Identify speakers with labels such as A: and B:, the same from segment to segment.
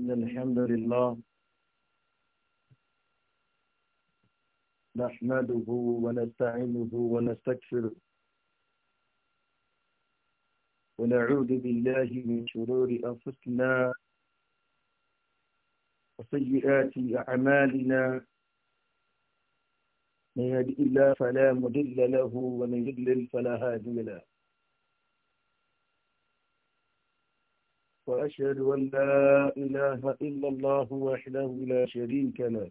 A: إن الحمد لله نحمده ونستعينه ونستكفره ونعوذ بالله من شرور أنفسنا وسيئات أعمالنا من يهد الله فلا مضل له ومن يضلل فلا هادي له وأشهد أن لا إله إلا الله وحده لا شريك له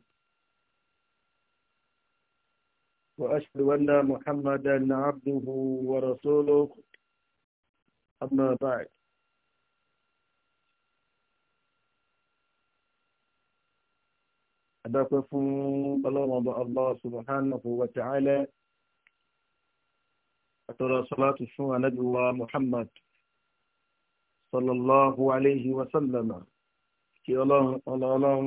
A: وأشهد أن محمدا عبده ورسوله أما بعد أدافع الله الله سبحانه وتعالى أترى صلاة الشوء نبي محمد sallallahu alayhi wa sallam kí ọlọ́run ọlọ́run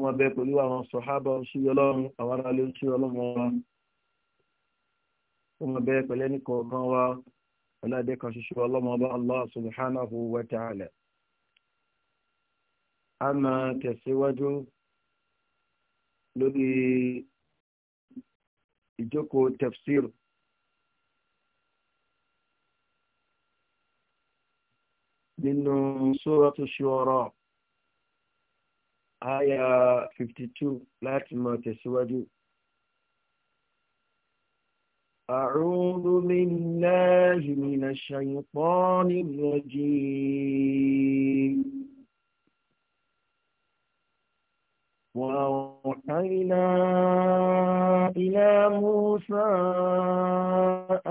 A: wọn bẹ pẹ̀lú àwọn sọ̀hábà sí ọlọ́run àwọn aráàlú sí ọlọ́run wa wọn bẹ pẹ̀lú ẹnì kọ̀ọ̀kan wa ọlọ́dẹ kan ṣoṣo ọlọ́run ọba allah subhanahu wa ta'ala a máa tẹ̀síwájú lórí ìjókòó tafsir من سورة ṣọ́rọ̀ آية 52 láti أعوذ بالله من الشيطان الرجيم وأوحينا إلى موسى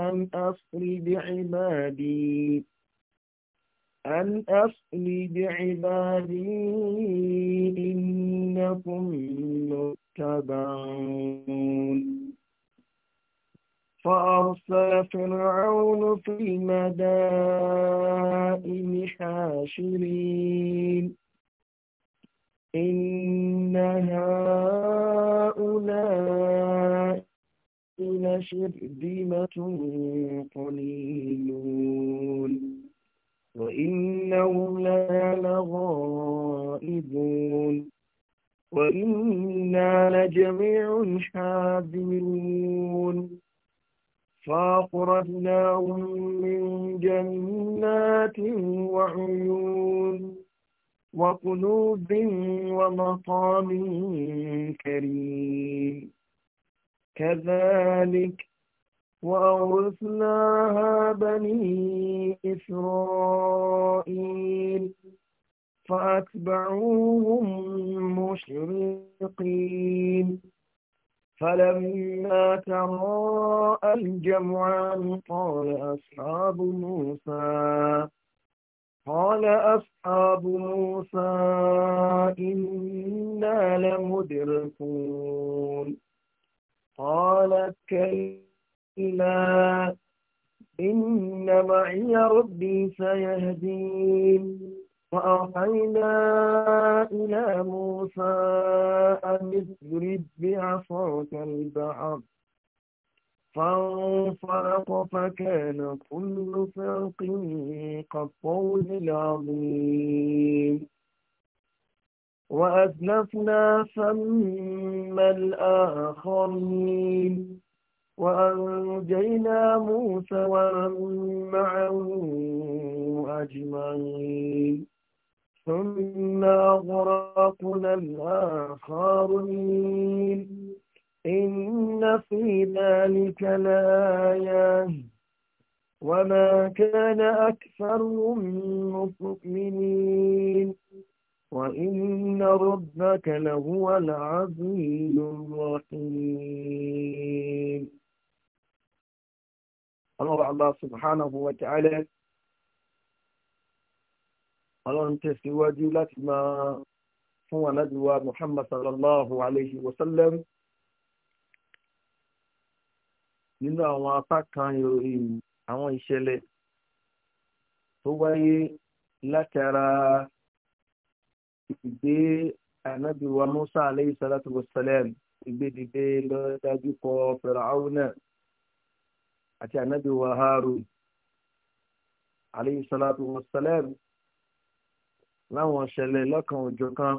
A: أن أصل بعبادي أن أصلي بعبادي إنكم متبعون فأرسل فرعون في المدائن حاشرين إن هؤلاء لشرذمة قليلون وإنهم لنا لغائبون وإنا لجميع حاذرون فأخرجناهم من جنات وعيون وقلوب ومقام كريم كذلك وأورثناها بني إسرائيل فأتبعوهم مشرقين فلما تراءى الجمعان قال أصحاب موسى قال أصحاب موسى إنا لمدركون قال كيف إلا إن معي ربي سيهدين وأوحينا إلى موسى أن اضرب بعصاك البحر فانفلق فكان كل فرق كالطول العظيم وأزلفنا ثم الآخرين وأنجينا موسى ومن معه أجمعين ثم أغرقنا الآخرين إن في ذلك لآيات وما كان أكثرهم مؤمنين وإن ربك لهو العزيز الرحيم ọlọ́run Allah subhanahu wa ta'ala ọlọ́run tẹ̀síwájú láti máa fún anábìwá Muhammad sallallahu alayhi wa sallam nínú àwọn apá kan ìròyìn àwọn ìṣẹ̀lẹ̀ tó wáyé látara ìgbé anábìwá Musa alayhi salatu wa sallam ìgbé dìde lọ kọ Fir'auna náà àti ànábì wa Harun alayhi salatu wa salam láwọn ṣẹlẹ̀ lọ́kan òjọ̀ kan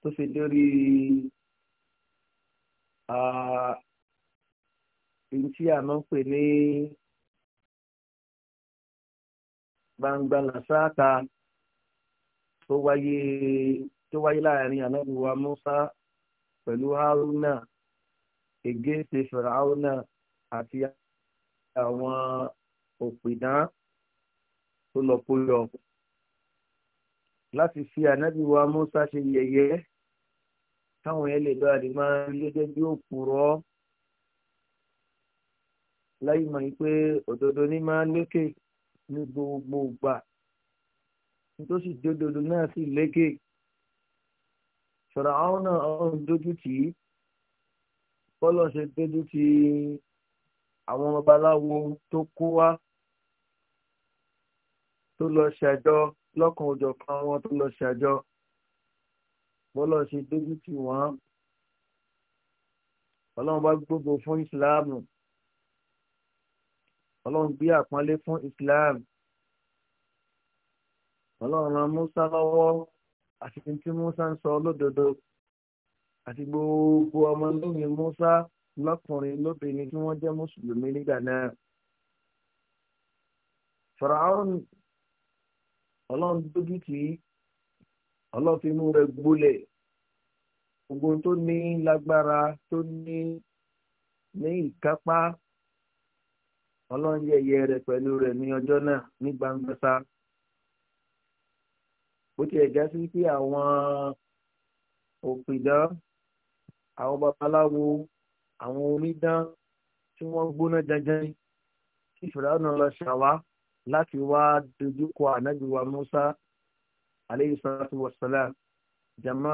A: tó fi lórí èyí tí a máa ń pè ní gbangba làṣáàkà tó wáyé tó wáyé láàrin ànábì wa pẹ̀lú Haruna ègé ti Fìràhánà àti àwọn òpìdán tó lọ kó yọ láti fi ànábì wa Mùsá ṣe yẹ̀yẹ́ táwọn yẹn lè bá a lè máa rí gẹ́gẹ́ bí òpùrọ́ láyé mọ̀ pé òdodo ní máa lékè ní gbogbo ìgbà nítòsí dododo náà sì lékè ṣọ̀rọ̀ àwọn náà ọ̀hún dojú tì í bọ́lọ̀ ṣe dojú tì í àwọn babaláwo tó kó wá tó lọ ṣàjọ lọ́kàn òjọ̀ kan wọn tó lọ ṣàjọ bọ́lọ̀ ṣe dójú tì wọ́n ọlọ́run bá gbogbo fún ìsìláàmù ọlọ́run gbé àpọ́nlé fún ìsìláàmù ọlọ́run ran Musa lọ́wọ́ àti tí Musa ń sọ lódodo àti gbogbo ọmọ Musa lọ́kùnrin lóbìnrin tí wọ́n jẹ́ mùsùlùmí nígbà náà. Faraon ọlọ́run dójú tì í ọlọ́run fi mú rẹ̀ gbolẹ̀ gbogbo tó ní lágbára tó ní ní ìkápá ọlọ́run yẹyẹ rẹ̀ pẹ̀lú rẹ̀ ní ọjọ́ náà ní gbangbasa bó tiẹ̀ já sí pé àwọn òpìdán àwọn babaláwo àwọn onídán tí wọ́n gbóná janjan kí fìràwọ̀n lọ ṣàwá láti wá dojúkọ ànábì wa Musa aleyhi salatu wa salam jama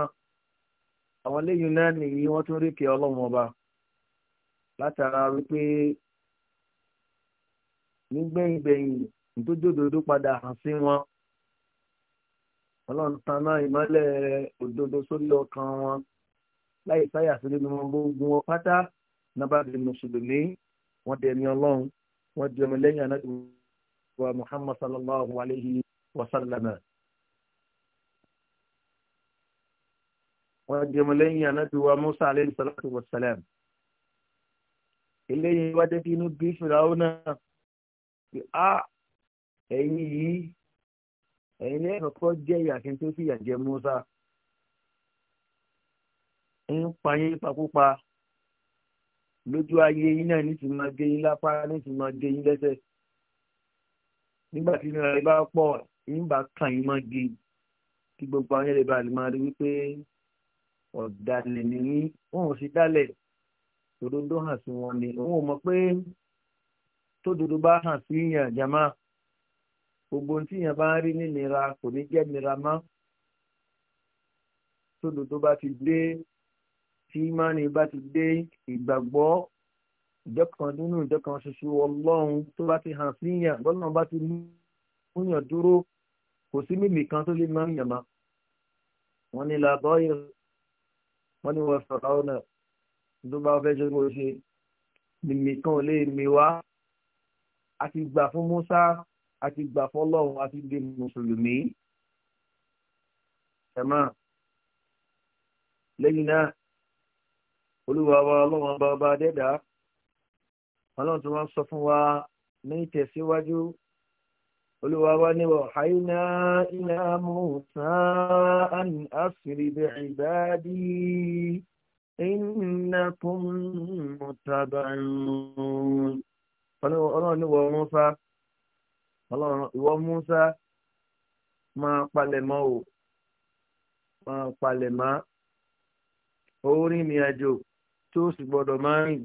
A: àwọn lẹ́yìn náà nìyí wọ́n tún rí kí ọlọ́run ọba látara wípé nígbẹ̀yìngbẹ̀yìn ìtójódodo padà hàn sí wọn ọlọ́run taná ìmọ́lẹ̀ òdodo sórí ọkàn wọn láì sáyà sílé ni wọ́n gbógun wọn pátá nàbà di mùsùlùmí wọ́n di ẹni ọlọ́run wọ́n di ọmọ lẹ́yìn anáàdì wa muhammad sallallahu alayhi wa sallam. wọ́n di ọmọ lẹ́yìn anáàdì wa musa alayhi salatu wa salam. eléyìí wá débi inú bí fìlàwọ́ náà pé a ẹ̀yin yìí ẹ̀yin ní ẹ̀kọ́ jẹ́ ìyàkín tó fi yà jẹ musa ń payé pakópa lójú ayé yín náà ní ti máa gé yín lápá ní ti máa gé yín lẹ́sẹ̀ nígbà tí ìnira rẹ bá pọ̀ nígbà kan yín máa gé kí gbogbo ayé rẹ bá lè máa rí wípé ọ̀dàlẹ̀ ni yín wọn ò sì dálẹ̀ òdodo hàn sí wọn ni òun ò mọ̀ pé tódodo bá hàn sí yàn jàmá gbogbo ohun tí yàn bá ń rí nínira kò ní jẹ́ nira mọ́ tódodo bá ti dé tí ìmánì bá ti dé ìgbàgbọ́ ìjọkan nínú ìjọkan ṣoṣo ọlọ́run tó bá ti hàn síyàn bọ́lá bá ti mú yàn dúró kò sí mímì kan tó lè máa ń yàmá wọ́n ní làbọ́ yẹ wọ́n ní wọ́n sọ̀rọ̀ ọ̀nà tó bá fẹ́ ṣe kó ṣe mímì kan ò lè mì wá a ti gbà fún Musa a ti gbà fún ọlọ́run a ti di mùsùlùmí ẹ̀mọ́ lẹ́yìn náà. olúwa wa ọlọ́wọ́n bá ọba dẹ́dà ọlọ́run tí wọ́n sọ fún wa ní ìtẹ̀síwájú olúwa wa ní ọ̀háínà ilẹ̀ amúhùsán àṣírí bẹ̀rẹ̀ ìbáàdì innakum mutabarun ọlọ́run ní wọ́n Musa ọlọ́run ìwọ máa palẹ̀mọ́ o máa palẹ̀mọ́ orí tó sì gbọ́dọ̀ máa rìn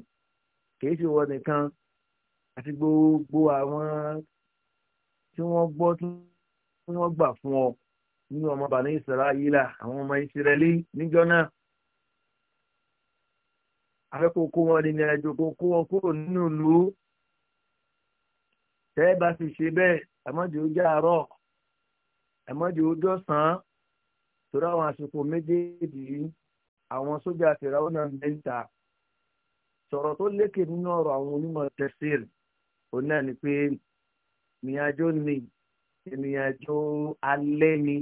A: kì í ṣe wọ nìkan àti gbogbo àwọn tí wọ́n gbọ́ tí wọ́n gbà fún ọ nínú ọmọ bàní Ísírẹ́lì àwọn ọmọ Ísírẹ́lì níjọ́ náà afẹ́kọ̀ọ́ kó wọn nínú ẹjọ́ kó kó wọn kúrò nínú ìlú tẹ́ ẹ bá sì ṣe bẹ́ẹ̀ àmọ́dé ó jẹ́ àárọ̀ àmọ́dé ó dọ̀sán torí àwọn àsìkò méjèèjì yìí àwọn sójà tẹ̀ráwọ́ náà ń bẹ́ńtà sọ̀rọ̀ tó lékè nínú ọ̀rọ̀ àwọn onímọ̀ tẹ̀síìr òun náà ni pé ìrìnàjò ni ìrìnàjò alẹ́ ni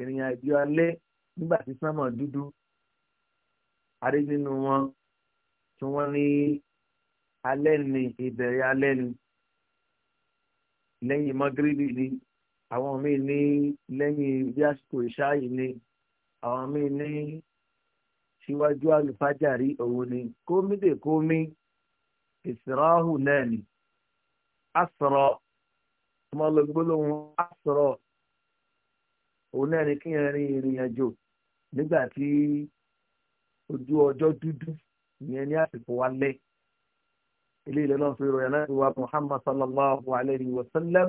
A: ìrìnàjò alẹ́ nígbà tí sánmọ̀ dúdú adé nínú wọn tí wọ́n ní alẹ́ ni ìbẹ̀rẹ̀ alẹ́ ni lẹ́yìn mọ́gíríbì ni àwọn míì ní lẹ́yìn bí àsìkò ìṣááyì ni àwọn míì ní síwájú àlùfájàrí òun ni kómìdè kómì ìsìráhù náà ni asọ̀rọ̀ ọmọlógbólóhùn asọ̀rọ̀ òun náà ni kí n rin ìrìn àjò nígbà tí ojú ọjọ́ dúdú ìyẹn ní àsìkò alẹ́ ilé ilẹ̀ náà fi ròyìn náà wá muhammad sallallahu alayhi wa sallam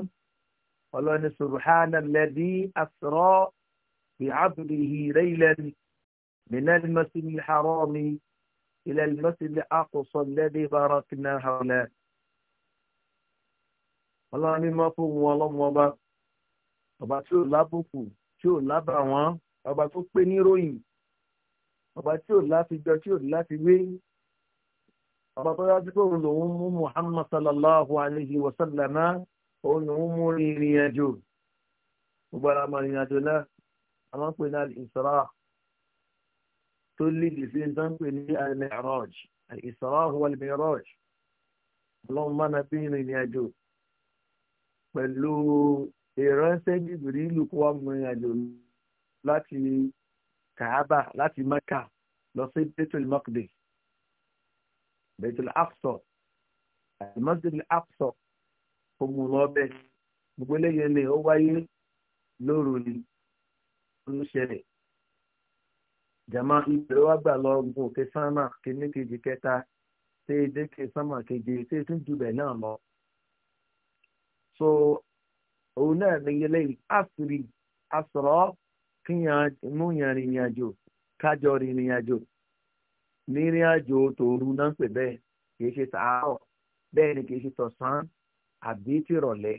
A: ọlọ́ni subhanalladhi asra bi abdihi laylan ni. من المسجد الحرام إلى المسجد الأقصى الذي باركنا حوله ọlọ́run ní mọ́ fún wọn ọlọ́run ọba ọba tí ò lábùkù tí ò lábà wọn ọba tó pé níròyìn ọba tí ò láfijọ tí ò láfiwé ọba tó dájú pé òun lòun mú muhammad sallallahu alayhi wa sallam òun lòun mú rìnrìn àjò gbogbo ara mọ rìnrìn àjò náà àwọn pè ní al-isra tó lébi sí ní tán pè ní al-mi'raj al-isra wal mi'raj ọlọ́run máa na fi rìnrìn àjò pẹ̀lú ìránṣẹ́ jìbìrì ìlú kó wá mọ ìrìnàjò láti kàábà láti mẹ́kà lọ sí bẹ́tùl mọ́kìdì bẹ́tùl aqsa àlùmọ́sídìí aqsa kò mú lọ bẹ́ẹ̀ gbogbo eléyìí lè ó wáyé lóru ni ó ń ṣẹlẹ̀. jama ibẹ̀ wá gbà lọ gun òkè sánmà kíní kejì kẹta ṣé dékè sánmà kejì ṣé tún náà lọ. so òun náà ní ilé asiri asọ̀rọ̀ kíyàn mú yàn rìnrìn kájọ rìnrìn àjò rìnrìn àjò tòru náà pè bẹ́ẹ̀ kìí ṣe tààrọ̀ bẹ́ẹ̀ ni kìí ṣe tọ̀sán àbí tìrọ̀lẹ́.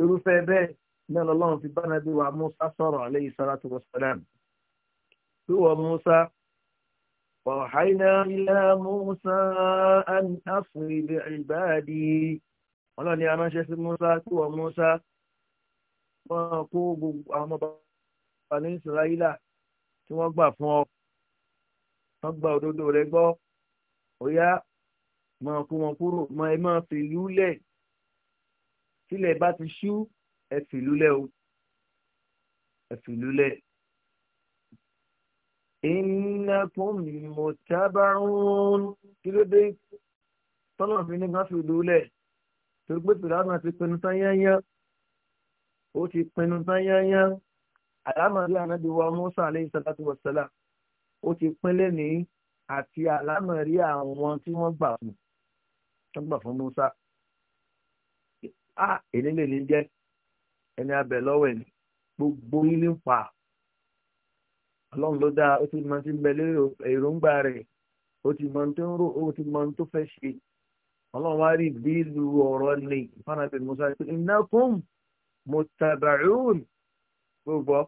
A: irúfẹ́ bẹ́ẹ̀ náà lọ́lọ́run fi bá nàbí wa Musa sọ̀rọ̀ alayhi salatu هو موسى ووحينا إلى موسى أن أصل بعبادي ọlọ́ni aránṣẹ́ sí musa tí wọ́n musa wọ́n kó gbogbo àwọn ọmọ bàbá ní israẹlà tí wọ́n gbà fún ọ wọ́n gba òdodo rẹ gbọ́ ọ̀yá máa kó wọn kúrò máa ẹ máa fìlú lẹ̀ tílẹ̀ bá ti ṣú ẹ fìlú lẹ̀ o ẹ fìlú lẹ̀ innakum muttaba'un kí ló dé tọ́lọ̀ fi ní gbáfi ìdúlẹ̀ torí pé pìlánà ti pinnu tán yányá ó ti pinnu tán yányá àlámàdé ànábi wa Musa aleyhi salatu wa salam ó ti pinlẹ̀ ní àti àlámàrí àwọn tí wọ́n gbà fún wọ́n gbà fún Musa a ah, èlé lè ní jẹ́ ẹni abẹ lọ́wọ́ ẹ̀ gbogbo yín ní pa ọlọ́run ló dáa ó ti mọ ti ń bẹ lérò èròǹgbà rẹ̀ ó ti mọ tó ń rò ó ti mọ tó fẹ́ ṣe ọlọ́run wá rí bílù ọ̀rọ̀ ni fanabi musa pé innakum muttabaun gbogbo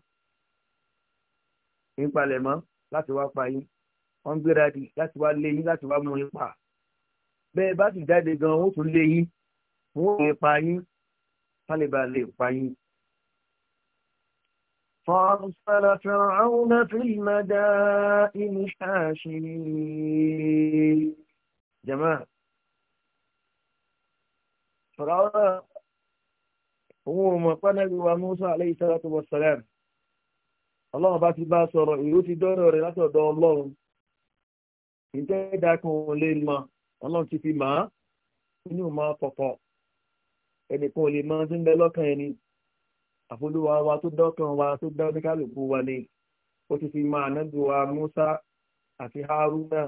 A: ìpalẹ̀mọ́ láti wá pa yín wọ́n ń gbéra di láti wá lé yín láti wá mú yín pa bẹ́ẹ̀ bá ti jáde gan-an ó tún lé yín wọ́n ò lè pa yín wọ́n lè ba lè pa yín فأرسل فرعون في المدائن حاشرين جماعة فرعون هو مقنع وموسى عليه الصلاة والسلام الله bá ti bá sọ̀rọ̀ ìlú ti dọ́rọ̀ rẹ̀ látọ̀dọ̀ ọlọ́run ìjẹ́ ìdákan ò lè mọ ọlọ́run ti fi màá inú máa pọ̀pọ̀ ẹnìkan ò lè mọ tí ń bẹ lọ́kàn ẹni àfolúwa wa tó dọ́kan wa tó dá oníkálukú wa ni ó ti fi máa nájú wa Musa àti Haruna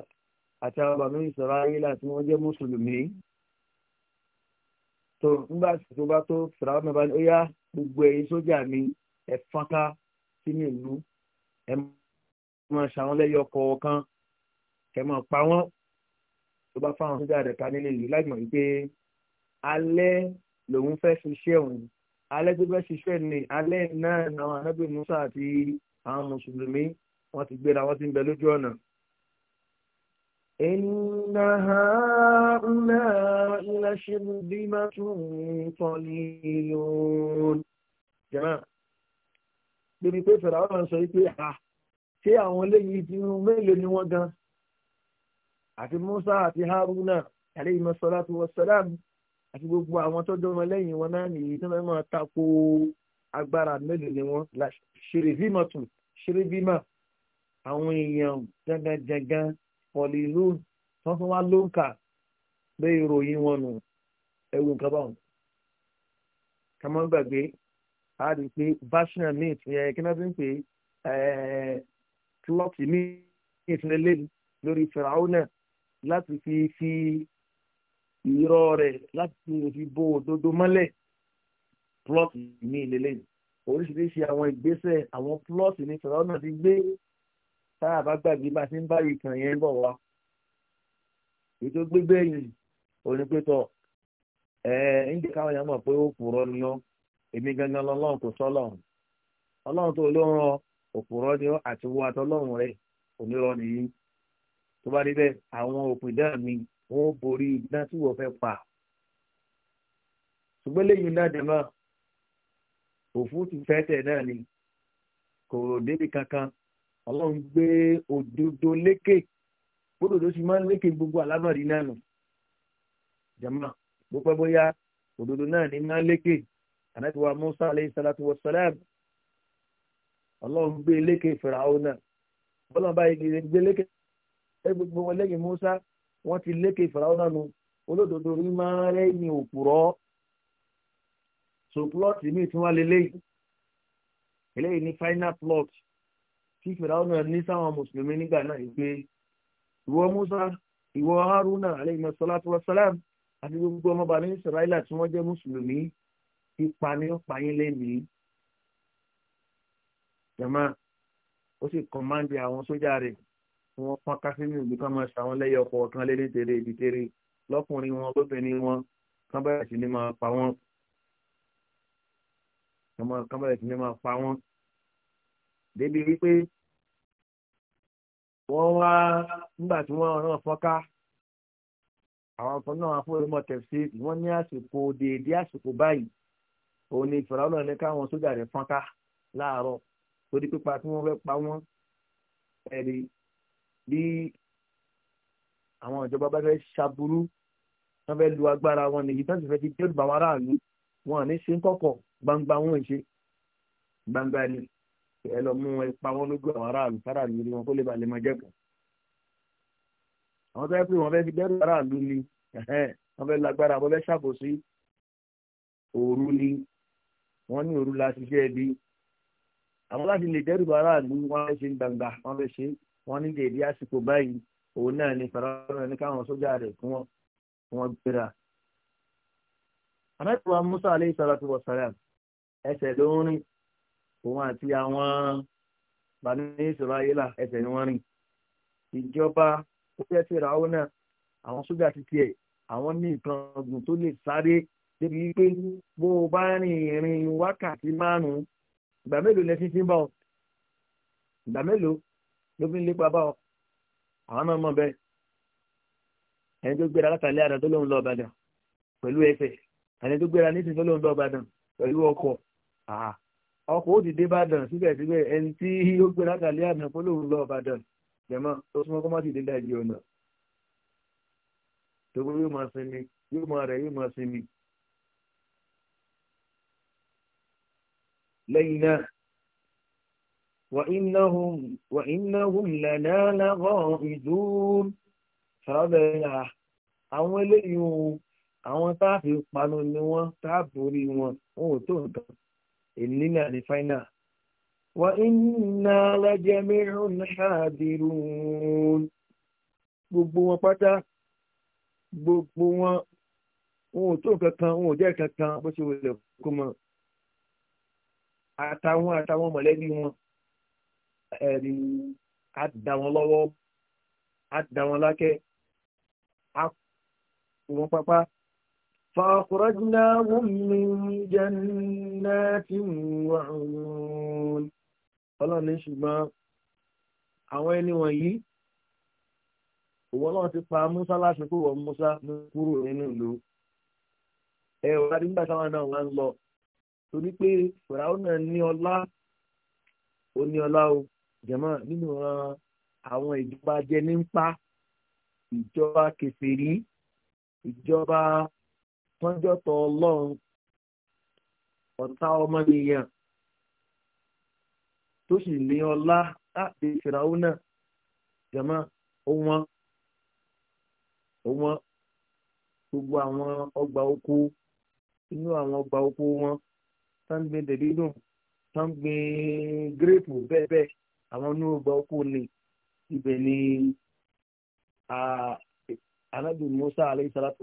A: àti àwọn bàbá Israẹla tí wọ́n jẹ́ mùsùlùmí tó nígbà tó bá tó fìràwọ́n náà bá ní ó yá gbogbo ẹ̀yin sójà mi ẹ̀ fọ́nká sínú ìlú ẹ̀ máa ṣàwọn lẹ́yọ kọ̀ọ̀kan ẹ̀ máa pa wọ́n tó bá fáwọn sójà rẹ̀ ká nílé ìlú láì mọ̀ wípé alẹ́ lòun fẹ́ ṣiṣẹ́ òun alẹ́ tó fẹ́ ṣiṣẹ́ ni alẹ́ náà àwọn anábì musa àti àwọn mùsùlùmí wọ́n ti gbéra wọ́n ti ń bẹ lójú ọ̀nà. Inna ha'ula'i lashirdimatun qalilun. Jẹ́nà, lórí pé fẹ̀rẹ̀ àwọn sọ wípé à ṣé àwọn eléyìí ti rún mélòó ni wọ́n gan? Àti Musa àti Haruna, alayhi salatu wassalam àti gbogbo àwọn tó dọ́mọ lẹ́yìn wọn náà nìyí tó fẹ́ máa tako agbára mélòó ni wọ́n ṣeré bímọ tún ṣeré bímọ àwọn èèyàn janganjangan pọ̀lì ló wọ́n fún wa ló ń kà pé ìròyìn wọn nù ẹ̀wù nǹkan báwọn. kàmọ́ gbàgbé a rí i pé version mint yẹn kí náà fi ń pè é plot mint lélẹ́yìn lórí fìràwọ́ náà láti fi fi irọ́ rẹ̀ láti fi bo òdodo mọ́lẹ̀ plot ní ìlélẹ́ oríṣiríṣi àwọn ìgbésẹ̀ àwọn plot ní sọ̀rọ̀ náà ti gbé tá a bá gbàgbé bá ti ń bá ìtàn yẹn bọ̀ wá ètò gbégbé yìí onípẹ́tọ̀ ẹ̀ ń jẹ́ káwọn èèyàn mọ̀ pé ó purọ́ ni ọ́ èmi gangan lọ́lọ́run kò sọ́lọ́run ọlọ́run tó ló ń rọ òpùrọ́ ni ọ́ àti wo àtọ́lọ́run rẹ̀ onírọ́ nìyí tó bá dé bẹ́ẹ̀ àwọn òpìdá mi wọn ó borí iná tí wọ́n fẹ́ pa ṣùgbọ́n lẹ́yìn náà dẹ̀ mọ́ òfin ti fẹ́ tẹ̀ náà ni kò débi kankan ọlọ́run gbé òdodo lékè gbódòdó sì máa ń lékè gbogbo àlámọ̀rí náà nù jama gbogbo bóyá òdodo náà ní máa ń lékè ànábìwá musa aleyhi salatu wa salam ọlọ́run gbé lékè fìràwọ́ náà bọ́lá báyìí gbé lékè gbogbo wọn lẹ́yìn musa wọ́n ti lékè fìràwọ́ náà nu olódodo rí máa rẹ́ ní òpùrọ́ so plot mi tún wá lélẹ́yìn eléyìí ní final plot tí fìràwọ́ náà ní sáwọn mùsùlùmí nígbà náà pé ìwọ Musa ìwọ Haruna aleyhi masalatu wasalam àti gbogbo ọmọba ní Israẹli tí wọ́n jẹ́ mùsùlùmí ipa ni ó pa yín lẹ́nìí jama ó sì kọ̀mándì àwọn sójà rẹ̀ wọn pọn kásínú ìlú kan máa ṣàwọn lẹ́yẹ ọkọ kan lé ní tèrè ìdí tèrè lọ́kùnrin wọn lóbìnrin wọn kán bẹ̀rẹ̀ sí ni máa pa wọn kán bẹ̀rẹ̀ sí ni máa pa wọn débi wípé wọ́n wá nígbà tí wọ́n náà fọ́nká àwọn kan náà afọ́rẹ́mọ̀ tẹ̀sí wọ́n ní àsìkò déédéé àsìkò báyìí òun ni ìfọ̀rọ̀ náà ní káwọn sójà rẹ̀ fọ́nká láàárọ̀ torí pípa tí wọ́n fẹ́ pa wọ́n ẹ̀rí bí àwọn ìjọba bá fẹ́ ṣàbùrú wọ́n fẹ́ lu agbára wọn nìyí tó sì fẹ́ ti dẹ́rù bá wọn aráàlú wọn àní ṣe ń kọ̀kọ̀ gbangba wọn ṣe gbangba ni ẹ lọ mú wọn pa wọn lójú àwọn aráàlú aráàlú ni wọn kó lè balẹ̀ máa jẹ́kọ̀ọ́ àwọn tó yẹ pé wọn fẹ́ fi dẹ́rù aráàlú ni wọn fẹ́ lágbára wọn fẹ́ ṣàkóso òru ni wọn ní òru la ṣiṣẹ́ ẹbí àwọn láti lè dẹ́rù aráàlú wọn fẹ́ ṣe gbangba wọn fẹ́ ṣe é wọ́n ní dèbí àsìkò báyìí òun náà ni fàràrà ní káwọn sójà rẹ̀ fún wọn gbéra. àmẹ́tùwà musa aleyhi salatu wa salam ẹsẹ̀ ló ń rìn òun àti àwọn bani israẹla ẹsẹ̀ ni wọ́n rìn. ìjọba ó fẹ́ fèrè àwọn náà àwọn sójà ti tiẹ̀ àwọn ní nǹkan ọ̀gùn tó lè sáré débi wípé bó o bá rìn ìrìn wákàtí márùn-ún ìgbà mélòó lẹ́sìn tí ń bọ̀ ìgbà mélòó ló fi ń lépa bá ọ àwọn náà mọ̀ bẹ́ẹ̀ ẹni tó gbéra látàlẹ́ àdá tó lóun lọ ọ̀bàdàn pẹ̀lú ẹsẹ̀ ẹni tó gbéra ní ìsinsọ́ lóun lọ ọ̀bàdàn pẹ̀lú ọkọ̀ ọkọ̀ ó ti dé bàdàn síbẹ̀síbẹ̀ ẹni tí ó gbéra látàlẹ́ àdá tó lóun lọ ọ̀bàdàn jẹ̀mọ́ tó súnmọ́ kó má ti dé dájú ọ̀nà tó gbé yóò máa sinmi yóò máa rẹ̀ yóò máa sinmi lẹ́yìn náà. وإنهم وإنهم لنا لغائزون sábẹ́ yà àwọn eléyìí o àwọn tá a fi panu ni wọ́n tá a borí wọn wọn ò tó nǹkan èyí náà ní fáínà. wa inna la jami'un hadirun gbogbo wọn pátá gbogbo wọn wọn tó kankan wọn ò jẹ́ kankan bó ṣe wọlé kó mọ àtàwọn àtàwọn mọ̀lẹ́bí wọn ẹ̀rí á dá wọn lọ́wọ́ á dá wọn lákẹ́ á kú wọn pápá. فأخرجناهم من جنات وعيون ọlọ́run ní ṣùgbọ́n àwọn ẹni wọ̀nyí òwò ọlọ́run ti pa Musa láti kó wọ kúrò nínú ìlú ẹ wà nígbà táwọn náà wà lọ torí pé fìràwọ́n náà ní ọlá ó ní ọlá o jẹ̀mọ́ nínú àwọn ìjọba jẹnípa ìjọba kẹfẹ́rí ìjọba tọ́jọ́tọ̀ ọlọ́run ọ̀tá ọmọnìyàn tó sì ní ọlá láti fìràwọ́ náà jẹ̀mọ́ òun òun gbogbo àwọn ọgbà oko inú àwọn ọgbà oko wọn tá ń gbin dẹ̀bínú tá ń gbin gírèpù bẹ́ẹ̀ bẹ́ẹ̀ àwọn ní ọgbà oko ni ibẹ̀ ni anabi musa alayhi salatu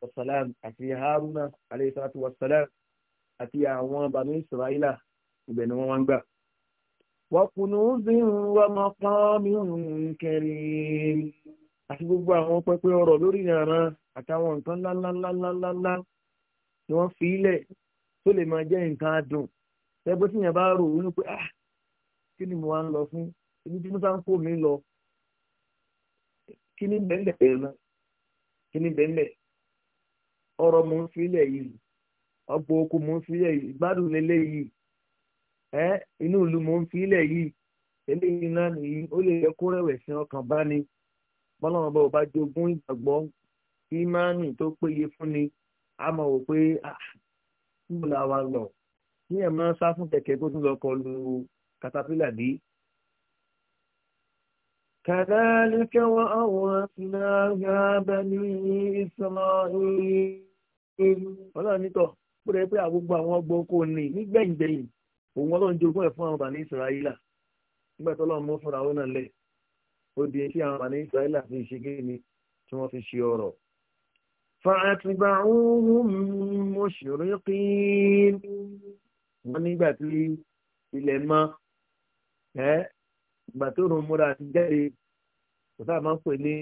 A: wa salam àti haruna alayhi salatu wa salam àti àwọn bàmí israẹlà ibẹ̀ ni wọ́n wá ń gbà. وكنوز ومقام كريم àti gbogbo àwọn pẹpẹ ọrọ̀ lórí ìyàrá àtàwọn nǹkan ńláńláńláńláńlá ni wọ́n fi ilẹ̀ tó lè máa jẹ́ nǹkan adùn ẹgbẹ́ tíyàn bá rò ó ní pé ah kí ni mo wá ń lọ fún ibi tí musa ń kó mi lọ kí ni bẹ́ẹ̀ bẹ́ẹ̀ lọ kí ni bẹ́ẹ̀ bẹ́ẹ̀ ọ̀rọ̀ mo ń filẹ̀ yìí ọ̀pọ̀ oko mo ń filẹ̀ yìí ìgbádùn lélẹ̀ yìí ẹ inú ìlú mo ń filẹ̀ yìí eléyìí náà nìyí ó lè yẹ kó rẹ̀wẹ̀sì ọkàn bá ní bọ́lọ́mọ bá ò bá jogún ìgbàgbọ́ ìmánì tó péye fún ni a mọ̀ wò pé ah, níbo la wa lọ ní ẹ̀ máa sá fún kẹ̀kẹ́ tó tún lọ kọlu katapila dé. كذلك وأورثناها بني إسرائيل ọlọ́run nítọ̀ gbọ́dọ̀ pé àgbogbo àwọn ọgbọ́n kò ní nígbẹ̀yìngbẹ̀yìn òun ọlọ́run jogún ẹ̀ fún àwọn bàní ìsirayílà nígbà tó lọ́run mú fúnra ó náà lẹ̀ ó di etí àwọn bàní ìsirayílà fi ṣe kí ni tí wọ́n fi ṣe ọ̀rọ̀. فأتبعوهم مشرقين wọ́n nígbà tí ilẹ̀ mọ́ ẹ ìgbà tó rùn múra jáde kò sáà máa ń pè ní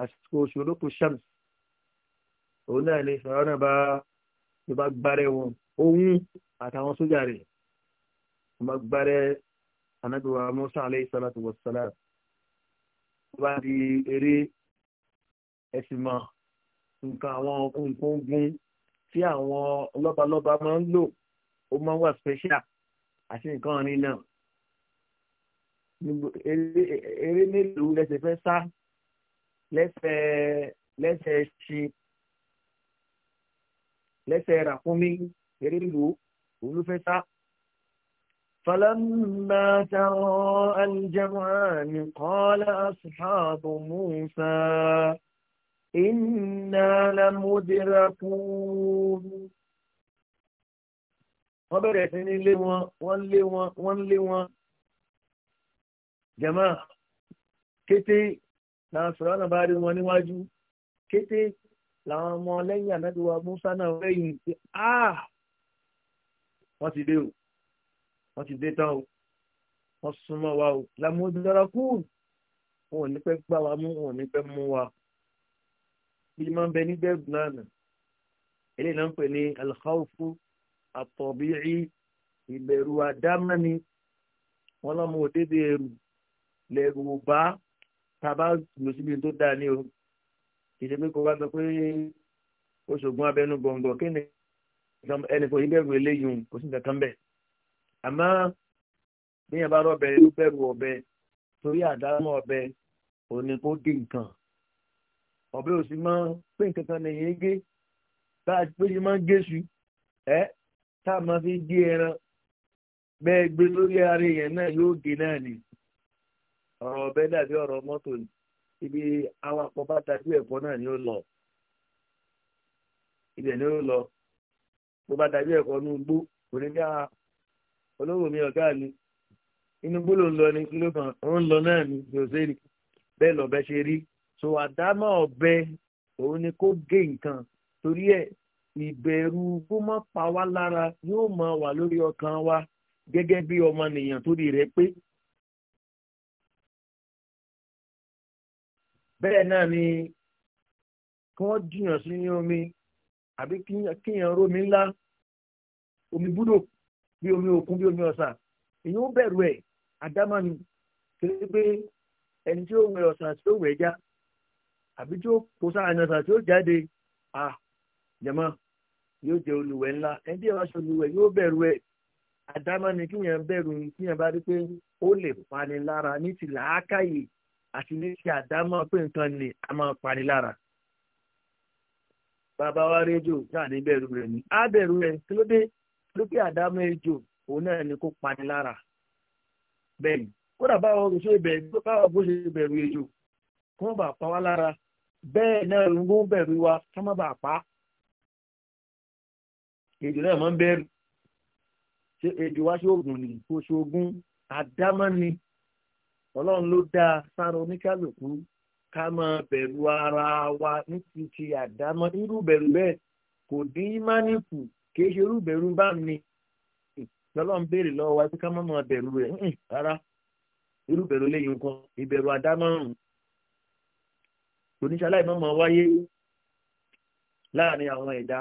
A: àsìkò oṣù olókùn shams òun náà ni sọ̀rọ̀ náà bá ló bá gbárẹ́ wọn òun àtàwọn sójà rẹ̀ ló bá gbárẹ́ anábìwá musa aleyhi salatu wa salam ló bá di eré ẹ̀sìn mọ́ nǹkan àwọn nǹkan ogun tí àwọn lọ́balọ́ba máa ń lò ó máa ń wà special àti nǹkan ọ̀rìn náà eré mélòó lẹ́sẹ̀ fẹ́ sá lẹ́sẹ̀ lẹ́sẹ̀ ṣe lẹ́sẹ̀ ràkúnmí eré mélòó òun ló fẹ́ sá. فلما تراءى الجمعان قال أصحاب موسى إنا لمدركون wọ́n bẹ̀rẹ̀ sí ní lé jẹ̀mọ́ kété làwọn sọ̀rọ̀ náà bá rí wọn níwájú kété làwọn ọmọ lẹ́yìn ànágbèwà musa náà lẹ́yìn pé ah wọ́n ti dé o wọ́n ti dé tán o wọ́n súnmọ́ wa o làmúdọ́rọ̀ kù wọn ò ní pẹ́ gbá wa mú wọn ò ní pẹ́ mú wa bí máa ń bẹ ní bẹ́ẹ̀ náà nà eléyìí náà ń pè ní alkhawfu àtọ̀bíyí ìbẹ̀rù àdámẹ́ni wọn lọ́mọ òdédé ẹrù lẹ́rù bá tàbá lò síbi tó dáa ní o ìṣe pé kò wá sọ pé oṣogun abẹnú gbọ̀ngàn kí ni ẹnì kò yí bẹ̀rù eléyìí kò sí nǹkan bẹ̀ àmọ́ bí yẹn bá rọ̀bẹ ló bẹ̀rù ọ̀bẹ torí àdámọ́ ọ̀bẹ òní kó gé nǹkan ọ̀bẹ ò sì máa pé nǹkan kan nìyẹn gé bá a ti pé yìí máa ń géṣu ẹ tá a máa fi gé ẹran bẹ́ẹ̀ gbé lórí ara èèyàn náà yóò gé náà nìyí ọ̀rọ̀ ọ̀bẹ dàbí ọ̀rọ̀ mọ́tò ibi awakọ̀ bá tajú ẹ̀fọ́ náà ni ó lọ ibẹ̀ ni ó lọ bó bá tajú ẹ̀fọ́ ní ugbó kò ní ká olówó mi ọ̀gá mi inú gbólóhùn lọ ni kí ló kàn ó ń lọ náà ni yòóṣèlú bẹ́ẹ̀ lọ́bẹ ṣe rí so àdámọ̀ ọ̀bẹ òun ni kó gé nǹkan torí ẹ̀ ìbẹ̀rù kó má pa wá lára yóò máa wà lórí ọkàn wa gẹ́gẹ́ bí ọmọnìyàn torí rẹ̀ pé bẹ́ẹ̀ náà ni kí wọ́n jìyàn sí ní omi àbí kíyàn rómi ńlá omi búdò bí omi òkun bí omi ọ̀sà èyí ó bẹ̀rù ẹ̀ àdámánu kéré pé ẹni tí ó wẹ ọ̀sà tí ó wẹ̀ já àbí tí ó kó sáàánú ọ̀sà tí ó jáde à jẹ̀mọ́ yóò jẹ́ olùwẹ̀ ńlá ẹni tí ìwáṣọ olùwẹ̀ yóò bẹ̀rù ẹ̀ àdámánu kíyàn bẹ̀rù kíyàn bá rí pé ó lè pani lára ní ti làákàyè àti ní ti àdámọ́ pé nǹkan ni a máa pani lára. Bàbá wa rédíò náà ní bẹ̀rù rẹ̀ ni. Á bẹ̀rù rẹ̀ kí ló dé? Ló pé àdámọ́ ejò òun náà ni kó pani lára. Bẹ́ẹ̀ni, kódà báwo kò ṣe bẹ̀rù báwo kò ṣe bẹ̀rù ejò kó má bàa pa wá lára. Bẹ́ẹ̀ náà ló ń bẹ̀rù wa kó má bàa pa. Ejò náà máa ń bẹ̀rù. Ṣé ejò wá ṣe oògùn ni? Kò ṣe oògùn àdámọ́ ni ọlọ́run ló dáa sára oníkálukú ká máa bẹ̀rù ara wa ní ti ti àdámọ́ irú bẹ̀rù bẹ́ẹ̀ kò dín ìmánì kù kìí ṣe irú bẹ̀rù bá mi lọ́lọ́run béèrè lọ́wọ́ wa pé ká má máa bẹ̀rù rẹ̀ rárá irú bẹ̀rù lẹ́yìn nǹkan ìbẹ̀rù àdámọ́rùn oníṣàlàyé mọ́mọ́ wáyé láàrin àwọn ẹ̀dá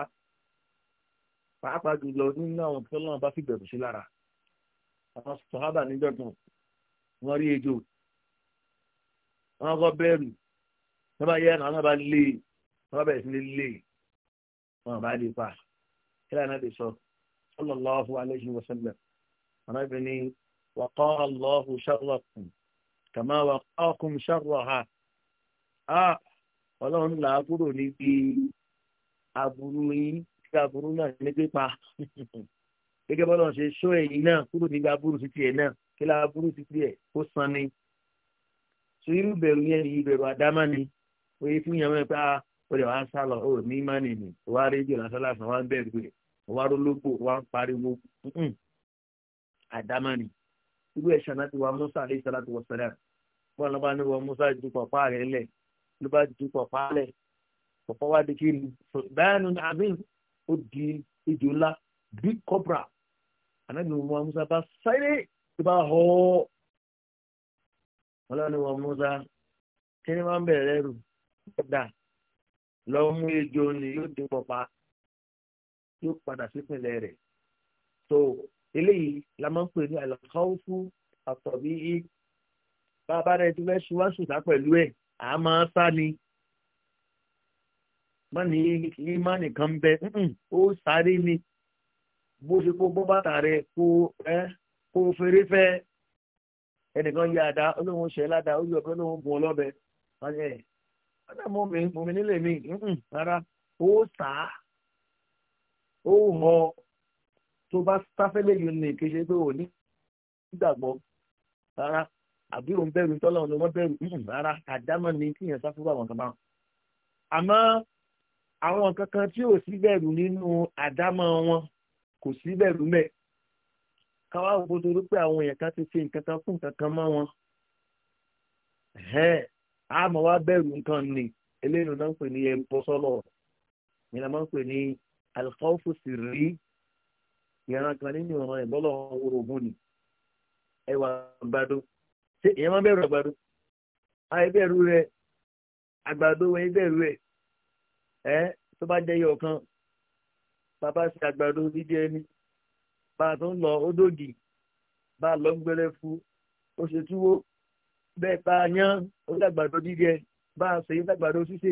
A: pàápàá jùlọ nínú àwọn tí ọlọ́run bá fi bẹ̀rù sí lára àwọn sọ̀hábà níjọ́gbọ̀n wọ́n rí ejò wọ́n kọ́ bẹ́ẹ̀rù wọ́n bá yẹ ẹ̀ka wọ́n bá lé wọ́n bẹ̀rẹ̀ sí ní lé wọ́n bá lè pa kí lóò náà lè sọ sallallahu alayhi wa sallam arábìnrin waqara Allahu sharrakum kama waqakum sharraha á ọlọ́run là á kúrò níbi aburú yín tí aburú náà ní pípa gẹ́gẹ́ bọ́lá ṣe ṣó ẹ̀yìn náà kúrò níbi aburú títí ẹ̀ náà kí lára burú ti pé ẹ̀ kó san ni so irú bẹ̀rù yẹn ni ìbẹ̀rù àdámá ni oye fún yàrá mẹ́ta ah, ó lè wá ń sálọ ó ní má nì ní wá rédíò lásán lásán wá ń bẹ̀rù pé wá rólógbò wá ń pariwo àdámá ni irú ẹ̀ ṣàná wá Musa àlẹ́ ìṣàlá ti wọ sẹ́dá wọn lọ́ba ní wọ Musa ju pọ̀pá rẹ̀ lẹ̀ ló bá ju pọ̀pá lẹ̀ pọ̀pá wá di kí ni báyà ó di ejò ńlá big cobra ànábìyàn Musa bá sáré tó bá họ́ ọlọ́niwọ̀ musa kí ni wọ́n bẹ̀rẹ̀ rù dá lọ́ọ́ mú ejò ni yóò dín pọ̀pá yóò padà sípìnlẹ̀ rẹ̀ tó eléyìí la máa ń pè ní àlọ́kọ́wọ́fù àtọ̀bí í bàbá rẹ̀ ti fẹ́ ṣíwáṣù sá pẹ̀lú ẹ̀ à máa sá ni mọ́ni ìmánì kan bẹ ó sáré ni bó ṣe kó bọ́ bàtà rẹ̀ kó ẹ́. Eh? kò fèrè fẹ́ ẹnìkan yí àdá olóhùn ṣẹ ládàá ó yọ pé olóhùn bùn ọlọ́bẹ wáyé ọ̀dà mọ́ mi mọ́ mi nílé mi rárá ó sà ó họ tó bá sáfẹ́lẹ̀ yìí ní kéṣe pé ò ní gbàgbọ́ rárá àbí òun bẹ̀rù tọ́lá òun ló bẹ̀rù rárá àdámọ́ ni kíyàn sáfẹ́ bá wọn kan bá wọn. àmọ́ àwọn kankan tí ò sí bẹ̀rù nínú àdámọ́ wọn kò sí bẹ̀rù mẹ́ẹ̀. káwá gbódò pé àwọn èèyàn kan ti fi nǹkan kan fún nǹkan kan mọ́ wọn àmọ́ wá bẹ̀rù nǹkan ni eléyìí náà ń pè ní ni la máa ń pè ní alikọ́fù sì rí ìran kan nínú ọ̀ràn ẹ̀ bọ́lọ̀ orogún ni ẹwà àgbàdo ṣé èèyàn máa bẹ̀rù àgbàdo àyè bẹ̀rù rẹ àgbàdo wẹ̀ bẹ̀rù rẹ ẹ tó bá jẹ́ bá a tó ń lọ ó dògì bá a lọ ń gbẹrẹ fún ó ṣe túwó bẹ́ẹ̀ bá a yán ó dàgbàdo dídẹ bá a ṣe é ṣíṣe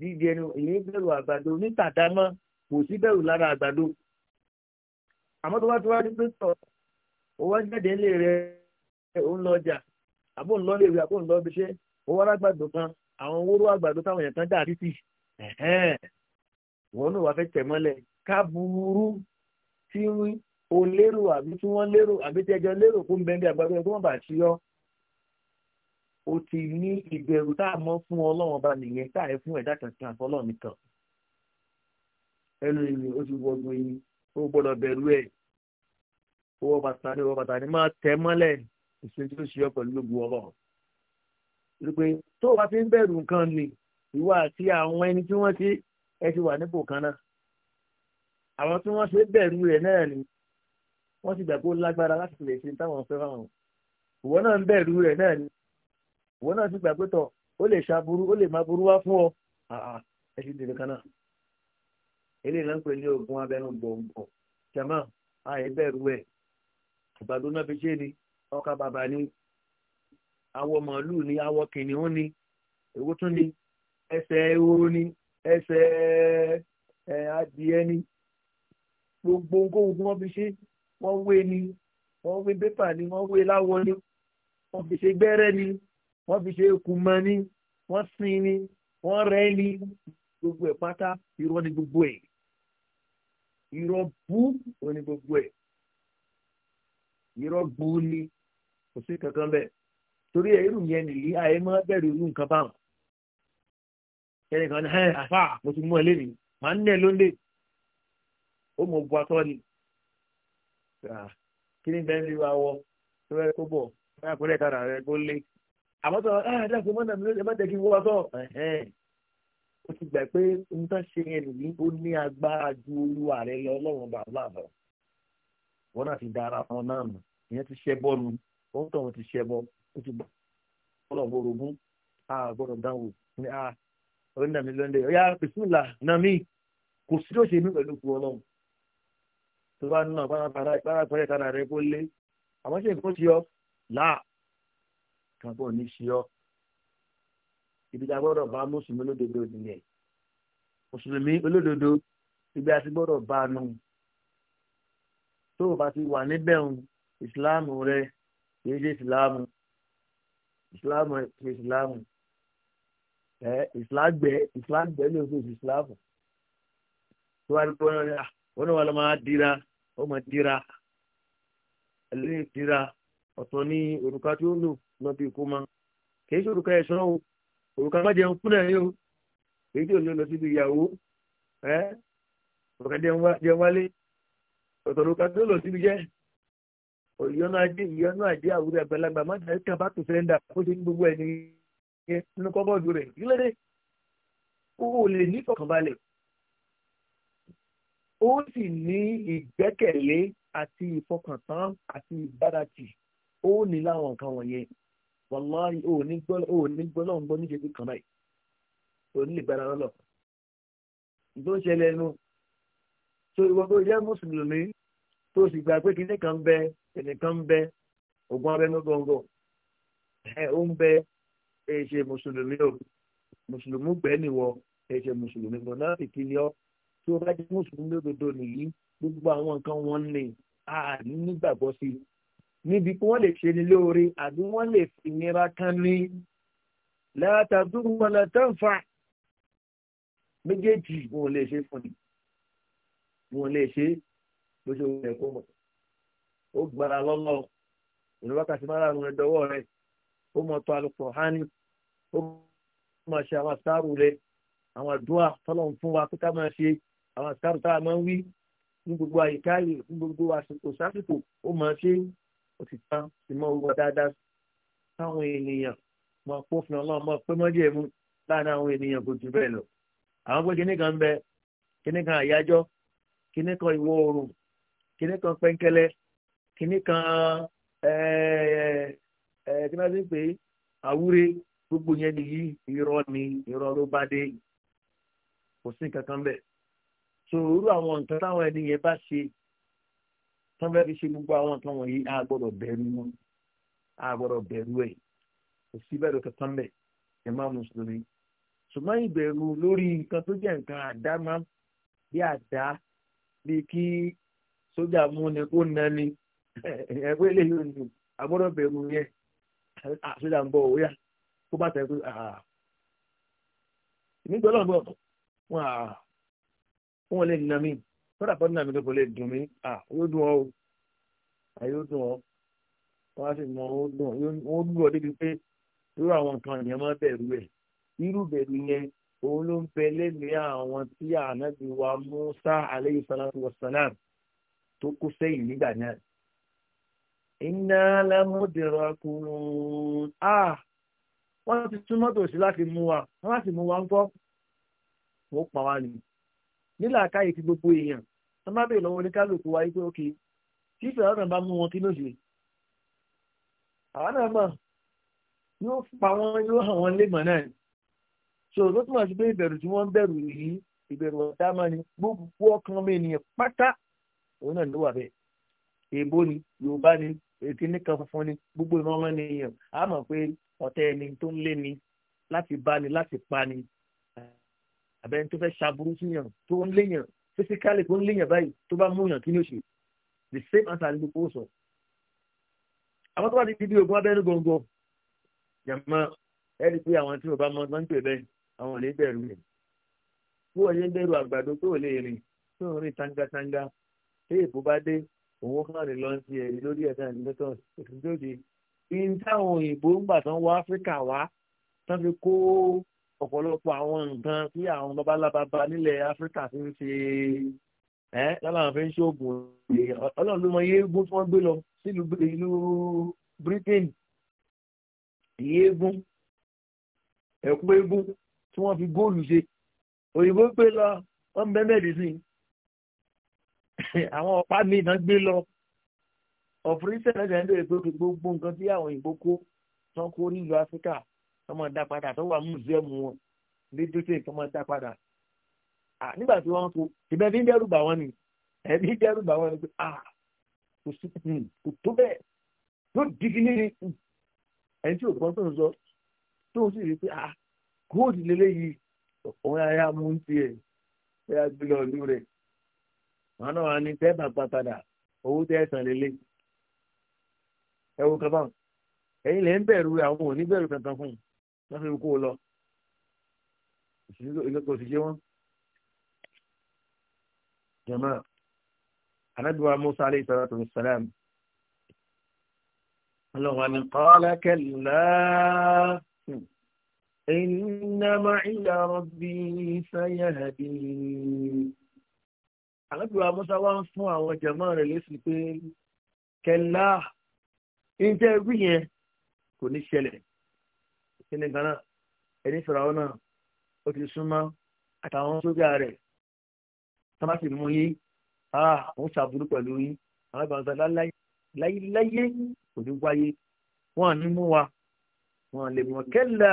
A: dídẹ ni èyí bẹ̀rù àgbàdo ní tàdámọ́ kò sí bẹ̀rù lára àgbàdo àmọ́ tó bá tó wá ní pé tọ̀ ó wá jáde nílé rẹ̀ ó ń lọ ọjà àbò ń lọ ilé ìwé àbò ń lọ ibi iṣẹ́ ó wá kan àwọn wóró àgbàdo táwọn èèyàn kan dà títì wọn náà wàá fẹ́ tẹ̀ mọ́lẹ̀ ká burú tí o lérò àbí tí wọ́n lérò àbí tí ẹjọ́ lérò fún bẹ́ẹ̀ bí àgbàdo ẹ̀ tó wọ́n bá ti yọ o ti ní ìbẹ̀rù tá a mọ̀ fún ọlọ́run ọba nìyẹn tá a fún ẹ̀dá kankan àfọlọ́run nìkan ẹnu ìrìn o ti wọgbọ yìí o gbọ́dọ̀ bẹ̀rù ẹ̀ owó bàtà ni owó bàtà ni máa tẹ̀ mọ́lẹ̀ ìsinmi tó ṣe ọ pẹ̀lú gbogbo ọlọ́run pé tó o bá fi ń bẹ̀rù nǹkan ni ìwà àti àwọn ẹni tí wọ́n ti ẹ ti wà nípò kan náà àwọn tí wọ́n ṣe bẹ̀rù rẹ̀ náà ni wọ́n ti gbà pé ó lágbára láti lè ṣe táwọn fẹ́ fáwọn ìwọ náà ń bẹ̀rù rẹ̀ náà ni ìwọ náà ti gbà pé tọ̀ ó lè ṣaburú ó lè má burú wá fún ọ ẹ ti dèrè kanáà eléyìí náà ń pè ní oògùn abẹnú gbọ̀ngbọ̀n jama àyè bẹ̀rù ẹ̀ àgbàdo náà fi ṣe ni ọkà bàbà ni awọ màálù ni awọ kìnìún ni èwo tún ni ẹsẹ̀ ehoro ni ẹsẹ̀ ẹ̀ adìẹ ni gbogbo nǹkan oògùn wọn fi ṣe wọ́n wé ni wọ́n wé pépà ni wọ́n wé láwọ ni wọ́n fi ṣe gbẹ́rẹ́ ni wọ́n fi ṣe kùmọ̀ ni wọ́n sin ni wọ́n rẹ́ ni gbogbo ẹ̀ pátá irọ́ ni gbogbo ẹ̀ irọ́ bú òun ni gbogbo ẹ̀ irọ́ bú ni kò sí kankan bẹ́ẹ̀ torí ẹ̀ irú yẹn nìyí àyè máa bẹ̀rù irú nǹkan báwọn ẹnìkan ní ẹ àfà mo ti mú ẹ lé mi màá ń nẹ lóńdè ó mọ bu atọ́ ni kí ni bẹ́ẹ̀ ń bí wa wọ tó fẹ́ kó bọ̀ báyà kó lẹ́ka rà rẹ kó lé àmọ́ tó ah, ẹ dákun mọ́nà mi lóde kí n wọ́ sọ ti gbà pé ohun tó ṣe yẹn ó ní agbára ju olúwa rẹ lọ bàbá ti dára náà nù ti bọ́ nu wọn tó a gbọ́dọ̀ dánwò a ah, kò sí pẹ̀lú tó bá nà pàràpàrà kára rẹ kó lé àmọ́ ṣe nǹkan ṣe ọ́ là kan kò ní ṣe ọ́ ibi tá a gbọ́dọ̀ bá mùsùlùmí olódodo nìyẹn mùsùlùmí olódodo ibi àti gbọ́dọ̀ bá a nù tó o bá ti wà níbẹ̀ ń ìsìláàmù rẹ kìí ṣe ìsìláàmù ìsìláàmù rẹ kìí ṣe ìsìláàmù ẹ ìsìláàgbẹ ìsìláàgbẹ ló ń ṣe ìsìláàmù tó wà ní pọ́nrọ́lá wọn náà wà lọ́ máa dira ó máa dira ẹlẹ́yìn dira ọ̀tọ̀ ní òrùka tí ó lò lọ bí ìkómọ kìí ṣe òrùka ẹ̀ṣọ́ o òrùka má jẹun fún ẹ̀ o èyí tí ò lè lọ síbi ìyàwó ẹ òrùka jẹun wálé ọ̀tọ̀ òrùka tí ó lọ síbi jẹ́ ìyọnu ajé ìyọnu ajé àwùjọ àgbàlagbà má jẹ́ ká bá tó sẹ́ńdà ó ti ní gbogbo ẹ̀ nínú kọ́bọ̀dù rẹ̀ kílódé o ò lè ní ìfọ̀kànbalẹ̀ ó sì ní ìgbẹ́kẹ̀lé àti ìfọkàntán àti ìgbáradì ó ní láwọn nǹkan wọ̀nyẹn wàláhì ó ní gbọ́ lọ́wọ́ gbọ́ níṣẹ́ kan báyìí ó ní ìgbára lọ́lọ́ tó ń ṣẹlẹ̀ nu tó ìwọ tó jẹ́ mùsùlùmí tó sì gbà pé kinní kan bẹ ẹnìkan bẹ ògùn abẹnú gbọngọ ẹ ó ń bẹ ẹ ṣe mùsùlùmí o mùsùlùmí gbẹ nìwọ ẹ ṣe mùsùlùmí gbọ náà ìkíni ọ tí ó bá jẹ́ mùsùlùmí lódodo nìyí gbogbo àwọn nǹkan wọn lè àní nígbàgbọ́ sí i níbi kí wọ́n lè ṣe ní lóore àbí wọ́n lè fi nira kan ní látàdúró wọn lọ tán fà méjèèjì wọn ò lè ṣe fún mi wọn ò lè ṣe bó ṣe wọlé kó mọ̀ ó gbára lọ́lọ́ ìlú wákàtí márùn-ún rẹ̀ dọwọ́ rẹ̀ ó mọ̀ tó alùpùpù hání ó mọ̀ ṣe àwọn sáàrù rẹ̀ àwọn àdúrà tọ́lọ́run fún wa pé ká máa ṣe àwọn àtàrù tá a máa ń wí ní gbogbo àyíká yìí ní gbogbo àsìkò ó máa ṣe ó ti tán sí mọ́ owó dáadáa táwọn ènìyàn máa pọ́ fún ọlọ́run máa pẹ́ mọ́jẹ́ mú láàárín àwọn ènìyàn kò jù lọ. àwọn pé kíní kan bẹ kíní kan àyájọ́ kíní kan ìwọ oòrùn kíní kan pẹ́ńkẹ́lẹ́ kíní kan kí wọ́n ti àwúre gbogbo yẹn nìyí ni ló bá dé kò sí nǹkan kan sòrò àwọn nǹkan táwọn ẹni yẹn bá ṣe tán bẹ́ẹ̀ fi ṣe gbogbo àwọn nǹkan wọ̀nyí a gbọ́dọ̀ bẹ̀rù wọn a gbọ́dọ̀ bẹ̀rù ẹ̀ kò sí bẹ́ẹ̀ lọ́kàn tán bẹ̀ ẹ̀ má mùsùlùmí ṣùgbọ́n ìbẹ̀rù lórí nǹkan tó jẹ́ nǹkan àdámá bí àdá bí kí sójà mú ni kó na ni ẹgbẹ́ eléyìí ò ní a gbọ́dọ̀ bẹ̀rù yẹn sójà ń bọ̀ òwúyà kó bá tẹ̀ pé nígbà fún wọn lè nà mí kódà kọ́ nà mí tó kò lè dùn mí à yóò dùn ọ́ à yóò dùn ọ́ wọ́n á sì mọ ó dùn ó dùn ọ́ débi pé irú àwọn nǹkan ènìyàn máa bẹ̀rù ẹ̀ irú bẹ̀rù yẹn òun ló ń bẹ lẹ́mìí àwọn tí ànábì wa Musa aleyhi salatu wa salam tó kó sẹ́yìn nígbà náà iná lámúdìrọ̀ kùnún à wọ́n ti tún mọ́tò láti mú wa wọ́n láti mú wa ń kọ́ wọ́n pa wá nìyí nílà káyè ti gbogbo èèyàn tó má bèèrè lọ́wọ́ oníkálukú wa wípé ókè tí ìfẹ̀rọ̀ náà bá mú wọn kí ló dé àwọn náà mọ̀ yóò pa wọn yóò hàn wọn lémọ̀ náà so ló túmọ̀ sí pé ìbẹ̀rù tí wọ́n ń bẹ̀rù yìí ìbẹ̀rù ọ̀tá máa ní gbogbo ọkàn ọmọ ènìyàn pátá òun náà ló wà bẹ́ẹ̀ èèbó ni yorùbá ni èké nìkan funfun ni gbogbo ìran ọmọ ènìyàn á mọ̀ pé ọ̀tẹ̀ ẹni tó ń lé ni láti bá ni láti pa ni àbẹ́ni tó fẹ́ ṣàbùrú sí yàn tó ń léyàn fisikálì tó ń léyàn báyìí tó bá mú yàn kí ni ó ṣe the same answer ni gbogbo sọ. àwọn tó bá ti di bí ogun abẹ́nu gbọ̀ngàn yàmọ́ ẹni pé àwọn tí mo bá mọ máa ń pè bẹ́ẹ̀ àwọn ò lè bẹ̀rù rẹ̀. bó o ṣe ń bẹ̀rù àgbàdo tó o lè rìn tó o rìn tangatanga ṣé èbó bá dé òun ó kàn rìn lọ sí ẹ̀rí lórí ẹ̀dá ìmọ̀tàn òtútù òde. ìyìn táwọn òyìnbó ń gbà tán wá áfíríkà ọ̀pọ̀lọpọ̀ àwọn nǹkan tí àwọn babalábaba nílẹ̀ áfíríkà fi ń ṣe ẹ́ lọ́la àwọn fi ń ṣoògùn ọlọ́run ló mọ yéégún tí wọ́n gbé lọ sílùú ìlú britain yéégún ẹ̀kú eégún tí wọ́n fi góòlù ṣe òyìnbó gbé lọ wọ́n ń bẹ́ mẹ́dísìn àwọn ọ̀pá mi náà gbé lọ ọ̀fíìsì ẹ̀rẹ́dẹ̀ẹ́dẹ́ gbogbo nǹkan tí àwọn òyìnbó kó tán kó nílùú áfíríkà ọmọ dá padà tó wà múzíọ̀mù wọn lédèké ọmọ dá padà nígbà tí wọ́n kó ìbẹ́ fi ń dẹ́rù bà ni ẹ̀mí dẹ́rù bà wọ́n ni pé kò sí hmm, kò tó bẹ́ẹ̀ yóò digi ní ẹni tí òkú tó ń sọ tó ń sì rí pé góòdì lélẹ́yìí òun ayá mú ń tiẹ̀ ẹ̀ ẹ̀ gbé lọ́ọ̀lù wọn náà wà ní tẹ́ bàgbà padà owó tẹ́ ẹ̀sán lélẹ́yìí ẹ̀wọ̀n kan báwọn ẹ̀yin lè ń bẹ̀rù àwọn òní bẹ̀rù kankan fún yìí صافي نقول شنو اللي قلت اليوم جماعة أنا دعا موسى عليه الصلاة والسلام الله من قال كلا إن معي ربي سيهدي أنا دعا موسى الله اسمع وجمال الاسم كلا إنت وين كنت شلعي kíni ganan ẹni fìràwọ́ náà ó ti súnmọ́ àtàwọn sójà rẹ̀ tá má sì mú yín àwọn ṣàbùrú pẹ̀lú yín àwọn ìbànújẹ́ láyéláyé kò ní wáyé wọn à ní mú wa wọn à lè mú wa kẹ́lá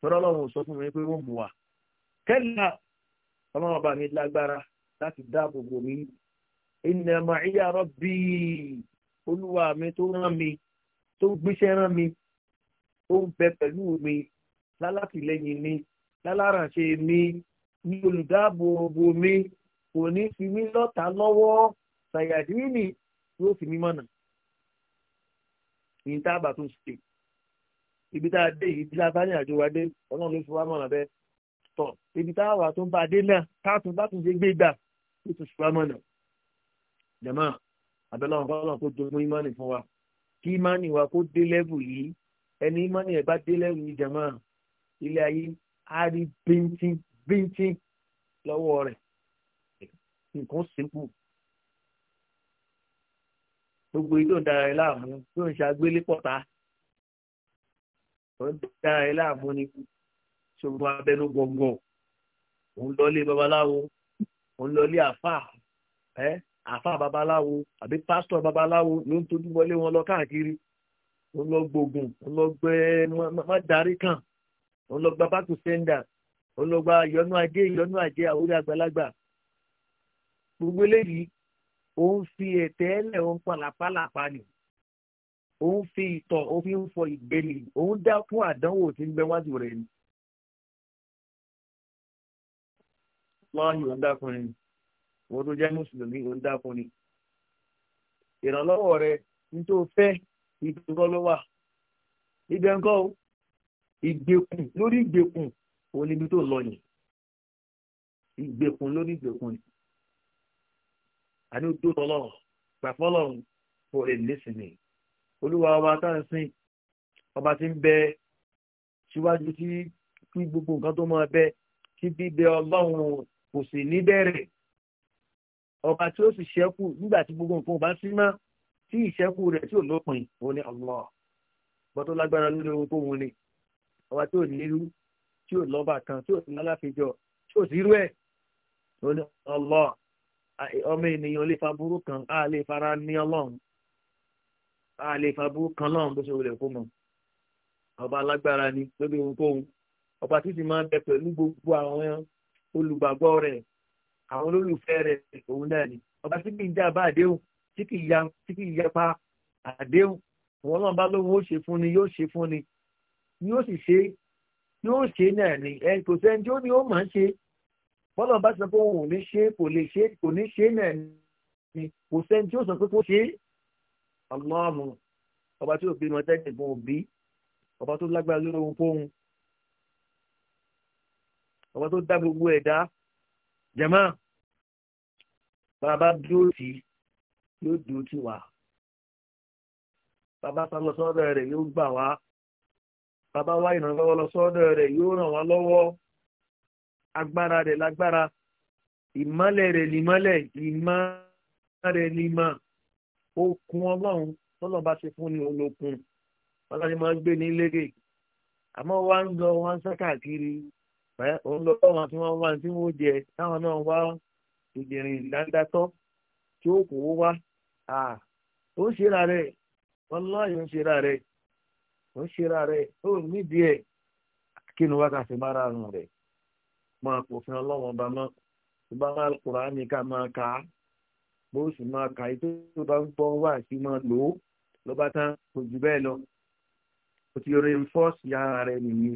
A: tọ́lá ọlọ́run sọ fún mi pé wọ́n mú wa kẹ́lá ọlọ́run ọba mi lágbára láti dáàbò bò mí ìnàmọ̀ ìyá rọ́bì olúwa mi tó rán mi tó gbéṣẹ́ rán mi tó ń bẹ pẹ̀lú mi lálátìlẹ́yìn mi láláràṣe mi ní olùdáàbòbò mi kò ní fi mí lọ́ta lọ́wọ́ ṣàyàdínì yóò fi mí mọ̀nà ní tábà tó ṣe ibi tá a dé yìí bí lásán ní wa dé ọlọ́run ló fi wá mọ̀nà bẹ́ẹ̀ tọ̀ ibi tá a wà tó ń bá a dé náà káàtún bá tún ṣe gbé gbà tó tún ṣe wá mọ̀nà jẹ̀mọ́ àbẹ̀lọ́run kọ́ kó jogún ìmọ̀nì fún wa kí ìmọ̀nì wa kó dé lẹ́bù yìí ẹni mọ́ni ẹ̀ bá dé lẹ́rù ìjàmọ́ ilé ayé á rí bíntín bíntín lọ́wọ́ rẹ̀ nǹkan sínkù gbogbo ìdó dára ẹ láàmú tó ń ṣàgbélé pọ̀ta tó ń dára ẹ láàmú ni ṣòro abẹnú gbọ̀ngàn òun lọlé babaláwo òun lọlé àfáà ẹ àfáà babaláwo àbí pásítọ̀ babaláwo ló ń tójú wọlé wọn lọ káàkiri òun lọ gbógun òun lọ gbẹ má darí kan òun lọ gba bákù sẹ́ńdà òun lọ gba ìyọnú ajé ìyọnú ajé àwórí àgbàlagbà gbogbo eléyìí òun fi ẹ̀tẹ́ ẹlẹ̀ òun palàpalàpa ni òun fi ìtọ̀ òun fi fọ ìgbéni òun dá fún àdánwò tí ń bẹ wájú rẹ̀ ni. wọ́n yóò ń dákùnrin wọ́n tó jẹ́ mùsùlùmí ń dákùnrin ìrànlọ́wọ́ rẹ̀ ní tó fẹ́ ibi kọ́ ló wà ibẹ̀ ńkọ́ o ìgbèkùn lórí ìgbèkùn òun níbi tó lọ yìí ìgbèkùn lórí ìgbèkùn yìí àní ojú tọ́lọ̀ gbàfọ́lọ̀ for a listening olúwa ọba tá à ń sìn ọba tí ń bẹ síwájú sí kí gbogbo nǹkan tó máa bẹ kí bíbẹ ọlọ́run kò sì ní bẹ̀rẹ̀ ọba tí ó sì ṣẹ́kù nígbà tí gbogbo nǹkan ò bá sí mọ́ tí ìṣẹ́kù rẹ̀ tí ò lópin òun ni Allah bọ́tọ́ lágbára lórí ohun tó wọn ni ọba tí ò nílú tí ò lọ́ba kan tí ò ní aláfijọ́ tí ò sí irú ẹ̀ òun ni Allah ọmọ ènìyàn lè fa burú kan á lè fara ní ọlọ́run á lè fa burú kan lọ́run bó ṣe wulẹ̀ fún mọ́ ọba lágbára ni lórí ohun tó wọn ọba títí máa bẹ pẹ̀lú gbogbo àwọn olùgbàgbọ́ rẹ̀ àwọn olólùfẹ́ rẹ̀ òun náà ni ọba tí kì í àdéhùn tí kì í ya tí kì í yapa àdéhùn wọn náà bá lóhun ó ṣe fún ni yóò ṣe fún ni yóò sì ṣe yóò ṣe náà ni ẹ kò sẹ́ni tí ó ní ó máa ń ṣe bọ́lá bá sọ pé òun ò ní ṣe kò lè ṣe kò ní ṣe náà ni kò sẹ́ni tí ó sọ pé kó ṣe ọlọ́ọ̀mù ọba tí òbí wọn tẹ́lẹ̀ fún òbí ọba tó lágbára lórí ohunkóhun ọba tó dá gbogbo ẹ̀dá jẹ̀mọ́ bàbá dúró tì í. yóò dúró tì wá bàbá sálọ sọ́dọ̀ rẹ̀ yóò gbà wá bàbá wá lọ sọ́dọ̀ rẹ̀ yóò ràn wá lọ́wọ́ agbára rẹ̀ lágbára ìmọ́lẹ̀ rẹ̀ nímọ́lẹ̀ ìmọ̀ rẹ̀ nímọ̀ okun ọlọ́run bá ni olókun wọn láti máa gbé ní lérè àmọ́ wá ń lọ wá ń tí ó kò wá ó ń ṣera rẹ̀ wallahi ń ṣera rẹ̀ ó ń ṣera rẹ̀ ó nídìí ẹ̀ kí ni wá ká fi máa rárun rẹ̀ máa kò fi ọlọ́wọ́n bá mọ́ ìbá máa Kùránì ká máa kà á bó sì máa kà í tó bá ń gbọ́ wá sí máa lò ó ló bá tán kò jù bẹ́ẹ̀ lọ o ti reinforce yàrá rẹ nìyí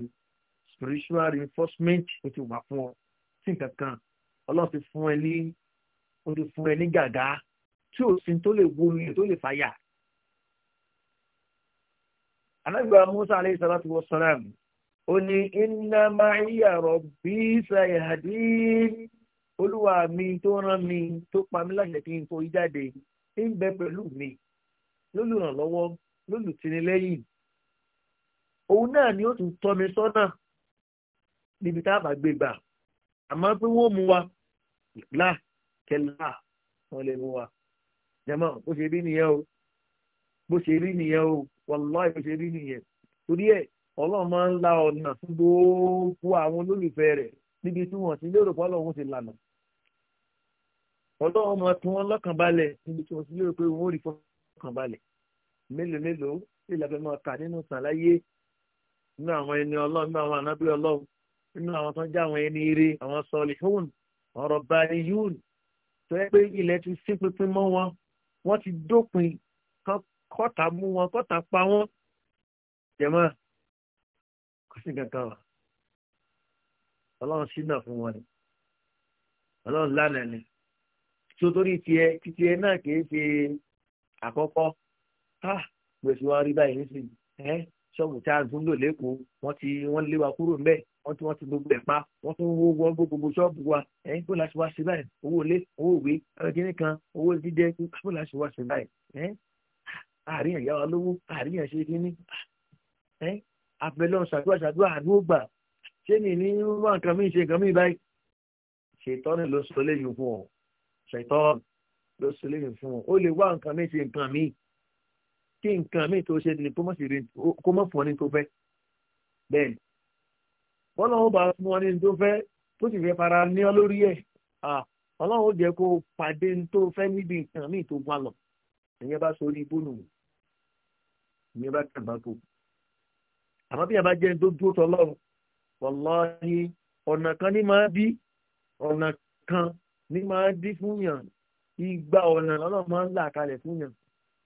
A: spiritual reinforcement o ti wà fún ọ sí nǹkan kan ọlọ́run ti fún ẹ ní orí fún rẹ ní gàgá tí ò sin tó lè wo orin tó lè fàyà. musa aleyhi salatu wa salam ó ní inna ma'iya rabbi sayahdin olúwa mi tó rán mi tó pa mí láṣẹ kí n jáde ń bẹ pẹ̀lú mi lólùrànlọ́wọ́ lólùtìnílẹ́yìn òun náà ni ó tún mi sọ́nà níbi tá a bá gbé wa kẹlá wọn lè mú wa jẹmọ bó ṣe rí nìyẹn o bó ṣe rí nìyẹn o wàláì bó ṣe rí nìyẹn torí ẹ ọlọ́run máa ń la ọ̀nà fún gbogbo àwọn olólùfẹ́ rẹ̀ níbi tí wọ́n ti lérò pé ọlọ́run ti lànà ọlọ́run máa tún wọn lọ́kàn balẹ̀ níbi tí wọ́n ti lérò pé wọ́n ò rí fọ́kàn balẹ̀ mélòó mélòó tí ìlànà máa kà nínú sàlàyé nínú àwọn ẹni ọlọ́run nínú àwọn ànábì ọlọ́run nínú àwọn tó ń jẹ́ àwọn ẹni eré àwọn sọlihun ọ̀rọ̀ bani yún tó yẹ pé ilẹ̀ ti sí pinpin mọ́ wọn wọ́n ti dópin kọ́ta mú wọn kọ́ta pa wọ́n jẹ̀mọ́ kò sí kankan wà ọlọ́run ṣínà fún wọn ni ọlọ́run lánàá ni sotori tiẹ̀ titiẹ̀ náà kìí ṣe àkọ́kọ́ ká gbèsè wa rí báyìí nísìnyí ẹ́ ṣọ́ọ̀bù tá a ń tún lò lẹ́kọ̀ọ́ wọ́n ti wọ́n lé wa kúrò ń bẹ́ẹ̀ wọ́n ti wọ́n ti gbogbo ẹ̀ pa wọ́n tún wó wọ́n gbó gbogbo ṣọ́ọ̀bù wa ẹ̀yìn kó láti wá sí báyìí owó ilé owó ìwé ẹ̀rọ̀dínní kan owó dídẹ́ kó láti wá sí báyìí ẹ̀ àárín ẹ̀yà wa lówó àárín ẹ̀ ṣe kínní ẹ̀ abẹ́lẹ́ ṣàdúrà ṣàdúrà àdúrà gbà ṣé mi ní wá nǹkan mi ṣe nǹkan mi báyìí ṣètọ́ni ló sọ léyìn fún ọ ṣètọ́ni ló sọ léyìn fún ọ ó lè wá nǹkan mi ṣe nǹkan mi kí nǹkan mi tó ṣe ni kó mọ̀ fún ọ ní tó fẹ́ bẹ́ẹ̀ ni bọ́lọ́run ó bá fún wọn ní tó fẹ́ tó sì fẹ́ fara ní ọ lórí ẹ̀ ọlọ́run ó jẹ́ kó pàdé tó fẹ́ níbi nǹkan míì tó gbà lọ ìyẹn bá sórí bónú ìyẹn bá kàn bá kó àmọ́ bí àbá jẹ́ tó dúró tọ́lọ́run wàláhì ọ̀nà kan ní máa bí ọ̀nà kan ní máa dí fún yàn igba ọ̀nà ọlọ́run máa ń là kalẹ̀ fún yàn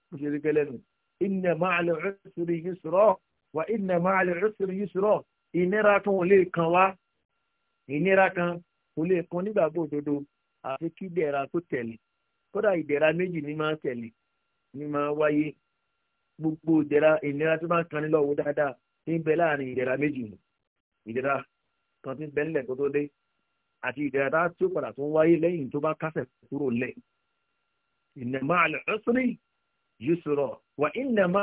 A: kò ṣe rí gẹ́lẹ́ nù inna ma'al usri yusra wa inna ma'al usri yusra ìnira kan ò lè kàn wá ìnira kan ò lè kàn nígbàgbọ́ òdodo àfi kí ìdẹ̀ra tó tẹ̀lé kódà ìdẹ̀ra méjì ni máa tẹ̀lé ni máa wáyé gbogbo ìdẹ̀ra ìnira tó bá ń kanni lọ́wọ́ dáadáa ń bẹ láàrin ìdẹ̀ra méjì ni ìdẹ̀ra kan ti ń bẹ nílẹ̀ kó tó dé àti ìdẹ̀ra tá tí ó padà tó ń wáyé lẹ́yìn tó bá kásẹ̀ kúrò lẹ̀ ìnàmọ́ àlẹ́ ọ̀sìn yusra wà ìnàmọ́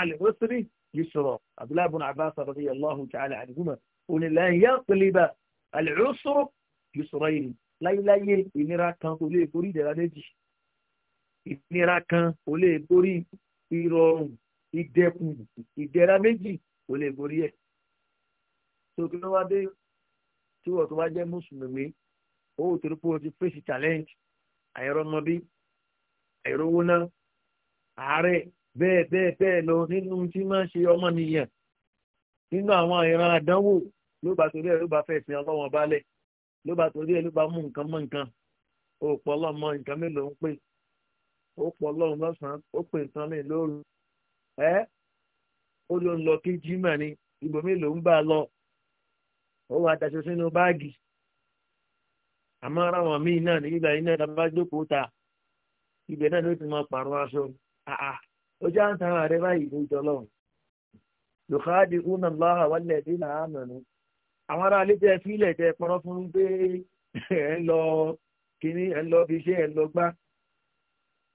A: àlẹ́ ọ̀sìn yusra abdullahi ibn abbas radiyallahu ta'ala anhuma òní lẹ́yìn yá pèlébà al-usru yusrayni láyéláyé ìnira kan kò lè borí ìdẹ̀ra méjì ìnira kan kò lè borí ìrọ̀rùn ìdẹ̀kùn ìdẹ̀ra méjì kò lè borí ẹ̀. sókè ló wá dé tí wọ́n tó wá jẹ́ mùsùlùmí owó tó rúpọ̀ ti fèsì challenge àìrọ́mọbí àìrówó náà àárẹ̀ bẹ́ẹ̀ bẹ́ẹ̀ bẹ́ẹ̀ lọ nínú tí máa ń ṣe ọmọnìyàn nínú àwọn ìran àdánwò ló bá torí ẹ̀ ló bá fẹ́ sin ọlọ́wọ́n balẹ̀ ló bá torí ẹ̀ ló bá mú nǹkan mọ́ nǹkan òpò ọlọ́mọ nǹkan mélòó ń pè òpò ọlọ́run lọ́sàn-án ó pè nǹkan mi lóru ẹ́ ó ló ń lọ kí jimá ni mélòó ń a lọ ó wà daṣọ sínú báàgì àmọ́ ara wọn míì náà nígbà yìí náà tá a bá jókòó ta ibẹ̀ náà ó já ń tan ààrẹ báyìí ló jọ lọ́wọ́ yòkáàdì una láha wálẹ̀ dínà àmọ̀nù àwọn ará alẹ́ tẹ fílẹ̀ tẹ pọ́nrọ́ fún un pé ẹ̀ ń lọ kíní ẹ̀ ń lọ fi ṣe ẹ̀ ń lọ gbá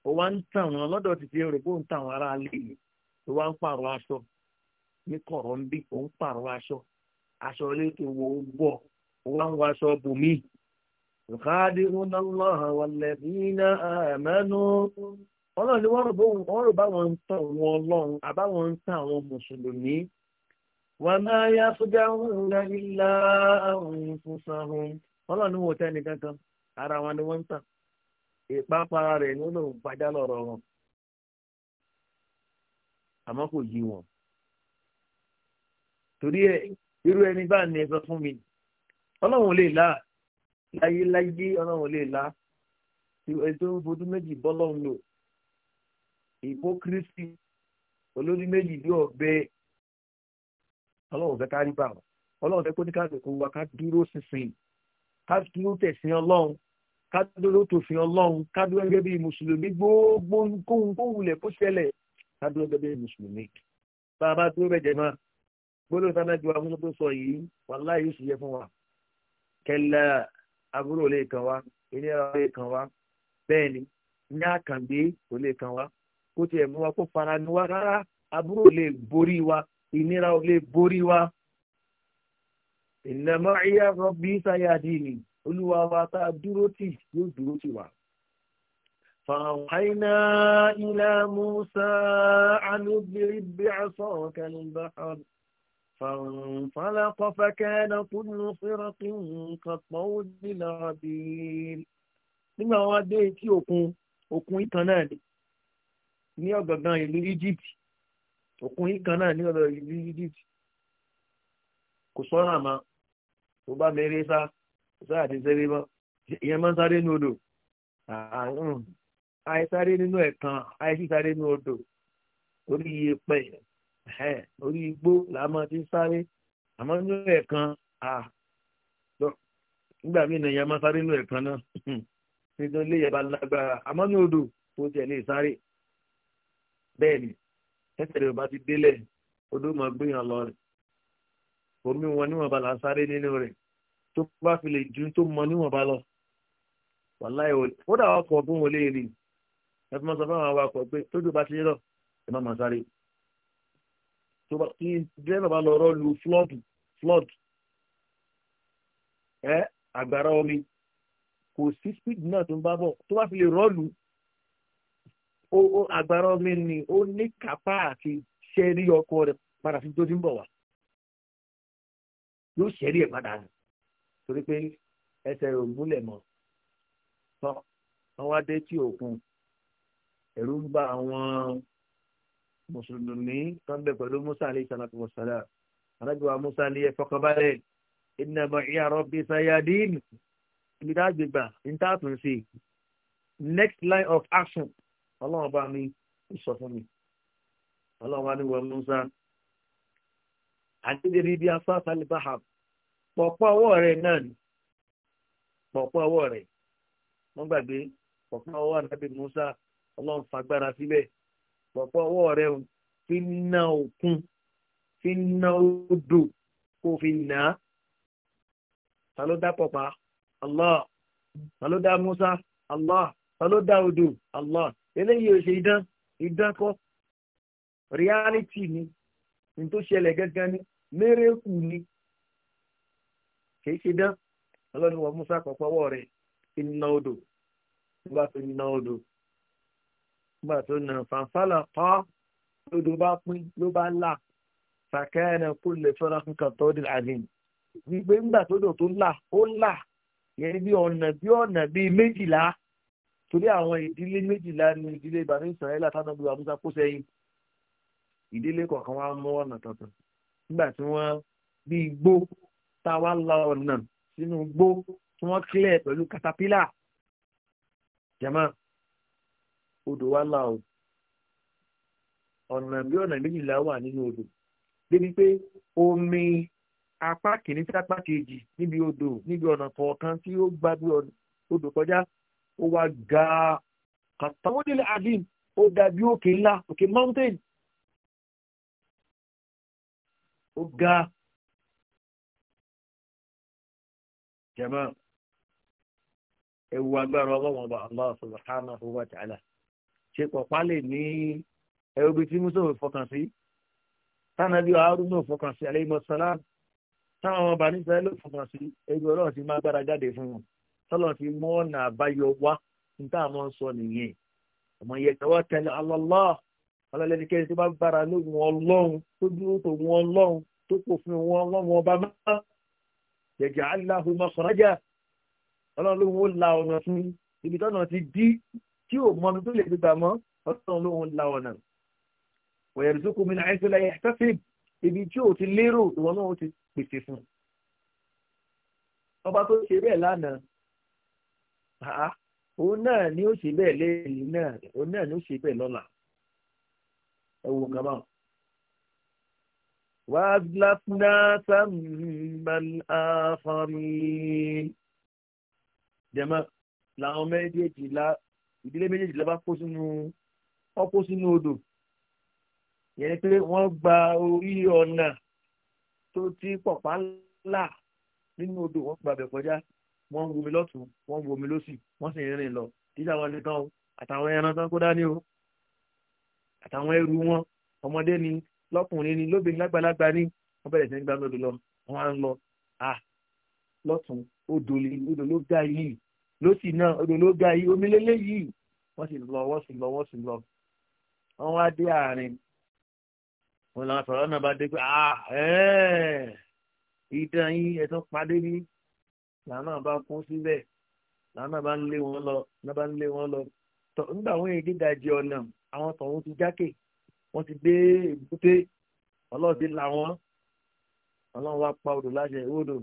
A: ó wá ń tàn wọn lọ́dọ̀ títí rẹ̀ kó ń tàn wọn ará alẹ́ yìí ó wá ń pààrọ̀ aṣọ ní kọ̀rọ̀ ń bí ó ń pààrọ̀ aṣọ aṣọ ilé tó ó gbọ́ ó wá ń wọ aṣọ bòmíì yòkáàdì una láha wálẹ̀ dínà àmọ̀nù ọlọ́run ni wọ́n rò báwọn ń tan wọn ọlọ́run àbáwọn ń tan àwọn mùsùlùmí wọn máa yá sójà ń ra ilá àwọn ìfúnṣahun ọlọ́run ni wọn ò tẹ́ kankan ara wọn ni wọ́n ń tàn ìpápára rẹ̀ ni ó lòun padà lọ́rọ̀ wọn àmọ́ kò yí wọn torí ẹ irú ẹni bá ní ẹ sọ fún mi ọlọ́run lè la láyé láyé ọlọ́run lè la ẹ tó ń fojú méjì lò hypocrisy olórí méjì ní ọ̀bẹ ọlọ́run fẹ́ ká rí bá wọn ọlọ́run fẹ́ kó ní káàkiri wa ká dúró sísìn ká dúró tẹ̀sìn ọlọ́run ká dúró tòfin ọlọ́run ká dúró gẹ́gẹ́ bí mùsùlùmí gbogbo kóhun kóhun lẹ̀ kó ṣẹlẹ̀ ká dúró gẹ́gẹ́ bí mùsùlùmí bá a bá dúró bẹ̀ jẹ́ máa gbọ́dọ̀ sábà ju àwọn tó sọ yìí wàláhì yóò sì yẹ fún wa kẹlẹ àbúrò lè kàn wá ilé ọ̀rọ̀ lè kàn wá bẹ́ẹ̀ ni ní àkàngbé kò lè kàn wá kó tiẹ̀ mú wa kó fara ni wa rárá aburú ò lè borí wa ìnira ò lè borí wa. ìnàmọ́ ayé rọ́bì sáyàdì ni olúwa wa tá a dúró tì yóò dúró tì wá. فأوحينا إلى موسى أن اضرب بعصاك البحر فانطلق فكان كل فرق كالطود العبيد nígbà wọn dé etí òkun ní ọ̀gángan ìlú Egypt òkun yìí kan náà ní ọ̀dọ̀ ìlú Egypt kò sọ́nà àmọ́ tó bá mẹ́rẹ́ sá sáà ti sẹ́rẹ́ mọ́ ìyẹn máa ń sáré ní odò àìsáré nínú ẹ̀kan àìsísáré nínú odò orí iyepẹ orí igbó làmọ́ ti sáré àmọ́ nínú ẹ̀kan nígbà míì nìyẹn máa sáré nínú ẹ̀kan náà nítorí ilé yẹn bá lágbára àmọ́ ní odò tó tiẹ̀ lè sáré bẹ́ẹ̀ ni ẹsẹ̀ rẹ̀ bá ti délẹ̀ odó máa gbéyàn lọ rẹ̀ omi wọn níwọ̀n ba là ń sáré nínú rẹ̀ tó bá fi lè ju tó mọ níwọ̀n ba lọ wàláì wò ó dà wà kọ̀ fún wọlé ni ẹ fi máa sọ fún àwọn awakọ̀ pé tójú bá ti yé lọ ẹ má máa sáré tó bá kí dírẹ́nà bá lọ rọ́ọ̀lù flood flood ẹ àgbàrá omi kò sí speed náà tó ń bá bọ̀ tó bá fi lè rọ́ọ̀lù agbára ọmọ ni ó ní kápá àti ṣẹ́rí ọkọ rẹ̀ padà sí tóbi ń bọ̀ wá yóò ṣẹ́rí ẹ̀ padà rẹ̀ torí pé ẹsẹ̀ rẹ̀ ò gúnlẹ̀ mọ́ tọ́ wọ́n wá dé tí òkun ẹ̀rú ń bá àwọn mùsùlùmí tó pẹ̀lú musa alayhi salatu wa salam alágbèwà musa ní ẹ fọkànbalẹ̀ ìnàbọ̀ ìyàrá bíi sayadin ibi tá a gbégbà ní tá a next line of action ọlọ́run bá mi sọ fún mi ọlọ́run bá ní wọ musa àdédèrè ibi afáfá lè bá hàm pọ̀pọ̀ ọwọ́ rẹ̀ náà ni pọ̀pọ̀ ọwọ́ rẹ̀ wọ́n gbàgbé pọ̀pọ̀ ọwọ́ ànábì musa ọlọ́run fagbára síbẹ̀ pọ̀pọ̀ ọwọ́ rẹ̀ fi ná òkun fi ná odò kó fi nà á ta pọ̀pá allah ta musa allah ta odò allah eléyìí ò ṣe idán idán kọ́ reality ni ní tó ṣẹlẹ̀ gángan ni mérekù ni kìí ṣe dán ọlọ́run wọ musa kan pọ́wọ́ rẹ̀ fi na odò nígbà tó na odò nígbà tó na fanfàlà pa lodò bá pín ló bá là sàkẹ́yẹnà kó lè sọ́ra kankan tó di àlìn wípé nígbà tó dò tó là ó là yẹn bí ọ̀nà bí ọ̀nà bíi méjìlá torí àwọn ìdílé méjìlá ni ìdílé ìbànú ìsànlẹ̀ àtàwọn ọmọ Musa kó sẹ́yìn ìdílé kọ̀ọ̀kan wa mú ọ̀nà tuntun nígbà tí wọ́n bí igbó tá a wá la ọ̀nà sínú igbó tí wọ́n kílẹ̀ pẹ̀lú katapila jama odò wa la o ọ̀nà bí ọ̀nà méjìlá wà nínú odò débi pé omi apá kìíní sí apá kejì níbi odò níbi ọ̀nà kọ̀ọ̀kan tí ó gbá bí odò kọjá ó wá ga kàtàwọ́dìlì adim ó dàbí òkè ńlá òkè mountain ó ga jama ewu agbára ọlọ́wọ́n bá allah subhanahu wa ta'ala ṣe pọ̀pá lè ní ẹ̀rọ̀bí tí musa ò fọkàn sí tánàbí ọ̀hárùn náà fọkàn sí alayhi salam táwọn ọba nípa ẹ̀ fọkàn sí ẹgbẹ́ ọlọ́run ti máa gbára jáde fún wọn tọ́lọ̀ fi mú ọ̀nà àbáyọ wá níta àmọ́ ń sọ nìyẹn ọmọ yẹn tẹwọ́ tẹ̀lé Allah ọlọ́lẹ́nikẹ́ni tó bá bára lóhun ọlọ́run tó dúró tó hun ọlọ́run tó kò fún wọn ọlọ́run ọba má jẹ̀jẹ̀ aláhùn mọ́kànlájà ọlọ́run lóhun ó la ọ̀nà fún ibi tọ́nà ti dí tí ò mọ́nu tó lè gbégbà mọ́ ọlọ́run lóhun la ọ̀nà wọ̀yẹ̀rù tó kù mí náà ẹ̀sìn lẹ́yìn ẹ̀sìn ibi tí ò ti lérò ìwọ náà ó ti pèsè fún ọba tó ṣe bẹ́ẹ̀ lánàá òun náà ni ó ṣe bẹ́ẹ̀ lẹ́yìn náà òun náà ni ó ṣe bẹ́ẹ̀ lọ́la ẹ wo nǹkan báwọn. وأزلفنا ثم الآخرين jẹmọ làwọn méjèèjì la ìdílé méjèèjì la bá kó sínú wọn kó sínú odò yẹn pé wọ́n gba orí ọ̀nà tó ti pọ̀pá ńlá nínú odò wọ́n gba kọjá wọ́n ń womi lọ́tún wọ́n ń womi lọ́sì wọ́n sì ń rìn lọ títí àwọn nìkan o àtàwọn ẹran tán kó dání o àtàwọn ẹrú wọn ọmọdé ni lọ́kùnrin ni lóbìnrin lágbàlagbà ni wọ́n bẹ̀rẹ̀ sí ní gbàgbọ́ odò lọ wọ́n á ń lọ à lọ́tún odò odò ló ga yìí lọ́sì náà odò ló ga yìí omi lélẹ́ yìí wọ́n sì lọ wọ́n sì lọ wọ́n sì lọ wọ́n wá dé àárín wọn làwọn sọ̀rọ̀ náà bá dé pé à ẹ̀ẹ́ làánà bá kún síbẹ̀ làánà bá ń lé wọn lọ làánà bá ń lé wọn lọ tọ nígbà wọn èdè dajì ọ̀nà àwọn tọ̀hún ti jákè wọ́n ti dé èbúté ọlọ́ọ̀dẹ làwọn ọlọ́run wá pa odò láṣẹ odò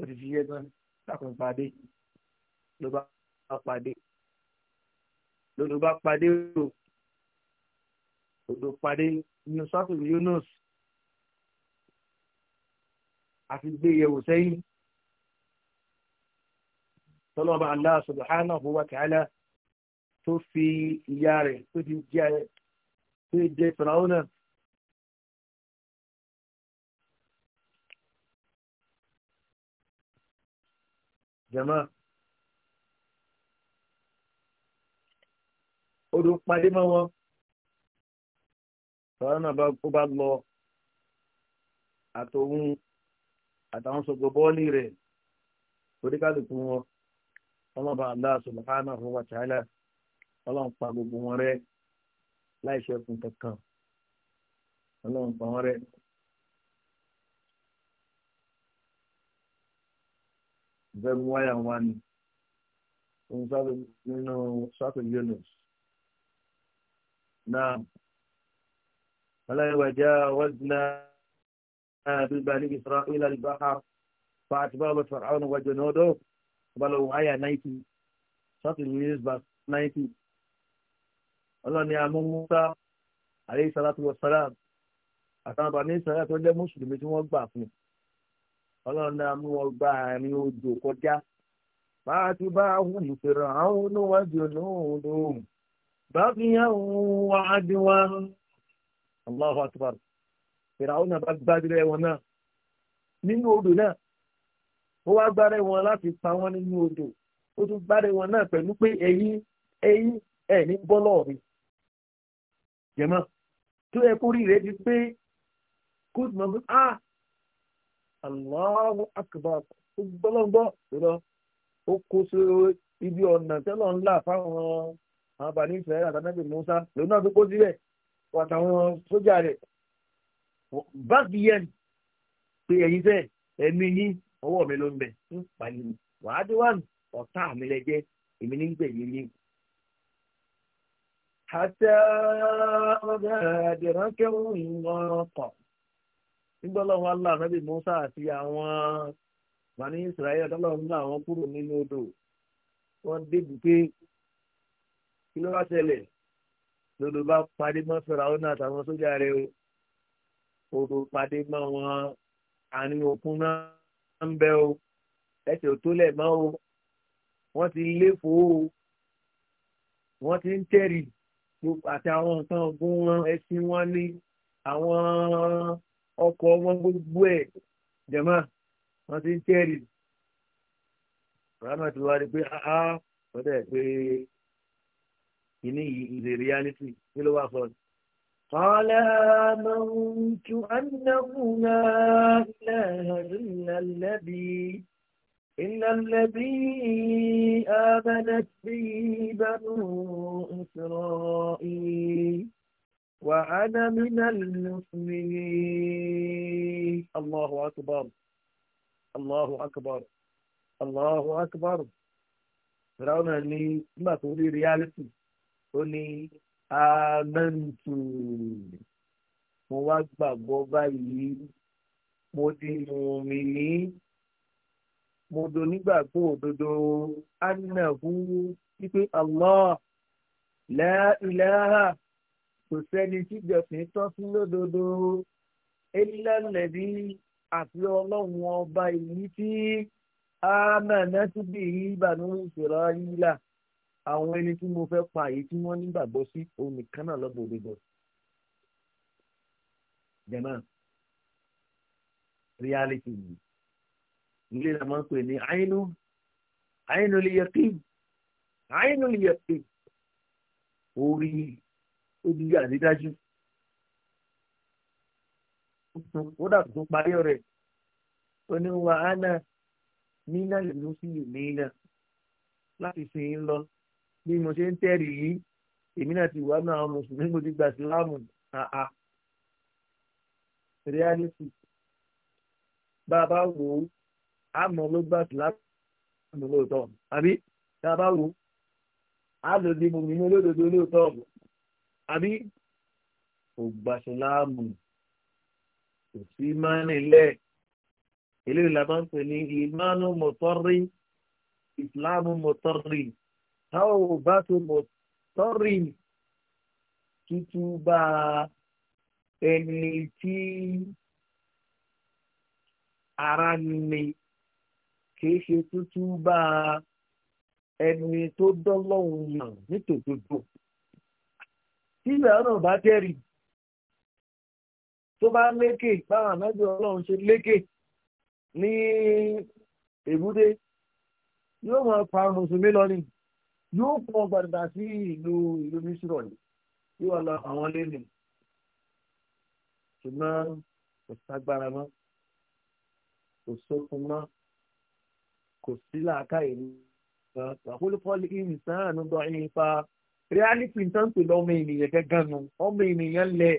A: ó ti fi yẹ gan lákùn pàdé ló bá pàdé lódò bá pàdé o odò pàdé nínú sátò Yunus àti gbé yẹ̀wò sẹ́yìn tọ́lọ́ba Allah subhanahu wa ta'ala tó fi ìyá rẹ̀ tó fi jẹ́ tó jẹ́ fìràwọ́ náà. jama odò pàdé mọ́ wọn fìràwọ́ náà ó bá lọ àtòun àtàwọn sọgbọ bọ́ọ̀lì rẹ̀ oríkàlùkù wọn ọlọ́ba Allah subhanahu wa ta'ala ọlọ́run pa gbogbo wọn rẹ́ láì ṣẹ́kùn kankan ọlọ́run pa wọn rẹ́. bẹ́ẹ̀ni wáyà wá ni òun sábẹ̀ nínú sáfẹ̀ Yunus náà aláìwájá wàjúná àbíbá ní Isra'ila al-bahr fa'atba'ahu fir'aun wa junuduhu ìbálòwò àyà 90 sọ́ọ̀tì louis bank 90 ọlọ́ni amúmúta àlẹ́ ìsàlátù wasalam àtàwọn àbáni ìsàlátù tó jẹ́ mùsùlùmí tí wọ́n gbà fún ọlọ́ni amúwọ́n gba àárín odò kọjá bá a ti bá ahùn ìfèrè àwọn oníwájú olóòdòhùn bá fi hàn wá adìwá Allahu akbar fèrè àwọn náà bá gbájú lẹ́wọ̀n náà nínú odò náà ó wá gbára wọn láti pa wọn nínú odò ó tún gbára wọn náà pẹ̀lú pé ẹ̀yin ẹ̀yin ẹ̀ ní bọ́lọ̀ mi jẹ̀mọ́ tó yẹ kó rí rẹ̀ ti pé kó tún mọ̀ pé a ah, Allahu akbar ó gbọ́lọ́gbọ́ ìrọ̀ ó kó sí ibi ọ̀nà tẹ́lọ̀ ńlá fáwọn àwọn bàní ìfẹ́ àtàlẹ́bí Musa lòun náà tó kó síbẹ̀ wàtàwọn sójà rẹ̀ báàgì yẹn pé ẹ̀yin fẹ́ ẹ̀mí yín ọwọ́ mi ló ń bẹ ń pàlẹ́ mi wàá dé wà nù ọ̀tá mi lẹ jẹ́ èmi ní gbẹ̀yìn yìí. حتى أخذ دركا غرقا nígbà lọ́wọ́ allah nabi musa àti àwọn bani israel ọlọ́run náà wọ́n kúrò nínú odò wọ́n débi pé kí ló wá ṣẹlẹ̀ lodò bá padé mọ́ fẹ́ràn náà àtàwọn sójà rẹ̀ o odò padé mọ́ wọn àárín òkun náà ń bẹ o ẹsẹ̀ ò tó lẹ̀ mọ́ o wọ́n ti léfòó o wọ́n ti ń tẹ̀rì àti àwọn nǹkan ọ̀gbun wọn ẹṣin wọn ní àwọn ọkọ̀ wọn gbogbo ẹ̀ jẹ̀mọ́ wọ́n ti ń tẹ̀rì rahmat wa rí pé ah ah pé kìíní yìí is a reality kí ló wà fọ́ọ̀nù. قال آمنت أنه لا إله إلا الذي إلا الذي آمنت به بنو إسرائيل وأنا من المسلمين الله أكبر الله أكبر الله أكبر فرعون ní ما تقولي ريالتي reality amẹ́ntù mo wá gbàgbọ́ báyìí mo di mùmí ní mo donígbàgbọ́ òdodo anahu wípé allah la ilaha kò sẹ́ni tíjọsìn tán sí lódodo elélẹ́lẹ́bí àti ọlọ́run ọba ìlú tí amẹ́nẹ́síbì yìí bànú ìṣòro ayílà àwọn ẹni tí mo fẹ́ pa èyí tí wọ́n nígbàgbọ́ sí òun nìkan náà lọ́gbọ̀n òdìgbọ̀. jẹ̀mọ́ reality yìí ilé la máa ń pè ní àínú àínú lè yẹ kí àínú lè yẹ kí orí ojú àrídájú ó dà tó parí ọ̀rẹ́ ó ní wàhálà nínà lè mú sí ìlú nínà láti fi ń lọ bí mo ṣe ń tẹ̀rì yìí èmi náà ti wà ní àwọn mùsùlùmí mo ti gba ìsìláàmù àá reality bá a bá wò ó àmọ́ ló gba ìsìláàmù lóòótọ́ àbí bá a bá wò ó àlòdì mùsùlùmí olódodo lóòótọ́ àbí kò gba ìsìláàmù kò sí máa ń nílẹ̀ eléyìí la máa ń pè ní ìmánú mọ̀tọ́rì ìsìláàmù mọ̀tọ́rì táwọn bá tó mọ̀ tọ́rì tútù bá ẹni tí ara ni kìí ṣe tútù bá ẹni tó dọ́lọ́hùn yàn nítòdodo. Tílẹ̀ ọ̀nà bá jẹ́rìí tó bá lékè báwọn àmẹ́jọ ọlọ́run ṣe lékè ní èbúdé yóò máa pa mùsùlùmí lọ nìyí yóò kọ gbàdúgbà sí ìlú ìlú mísírọ̀ ni yóò wà lọ àwọn lẹ́nu ṣùgbọ́n kò ságbára mọ́ kò sókun mọ́ kò sí làákàyè ní àkólúkọ́lé ìrìnsán ànúdọ̀ ìyípa reality nǹkan pè lọ́mọ ènìyàn gẹ́gẹ́ nu ọmọ ènìyàn lẹ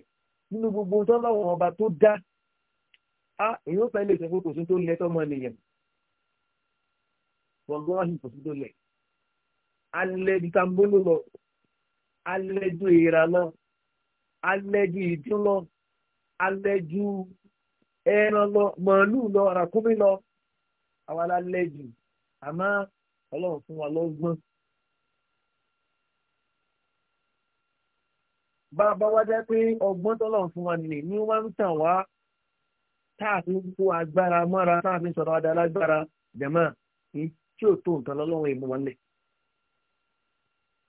A: nínú gbogbo tọ́lọ́wọ́n ọba tó dá a èyí ó fẹ́ lè sọ pé kò sí tó lẹ tọ́mọ ènìyàn gbọ̀ngàn kò sí tó lẹ̀. alẹ́jú tambolo lọ alẹ́jú èèrà lọ alẹ́jú ìdún lọ alẹ́jú ẹran lọ màálù lọ ràkúmí lọ àwa la lẹ́jú àmọ́ ọlọ́run fún wa lọ́gbọ́n. bá a bá wá jẹ́ pé ọgbọ́n tọ́lọ́run fún wa nìyí ni wọ́n ń tàn wá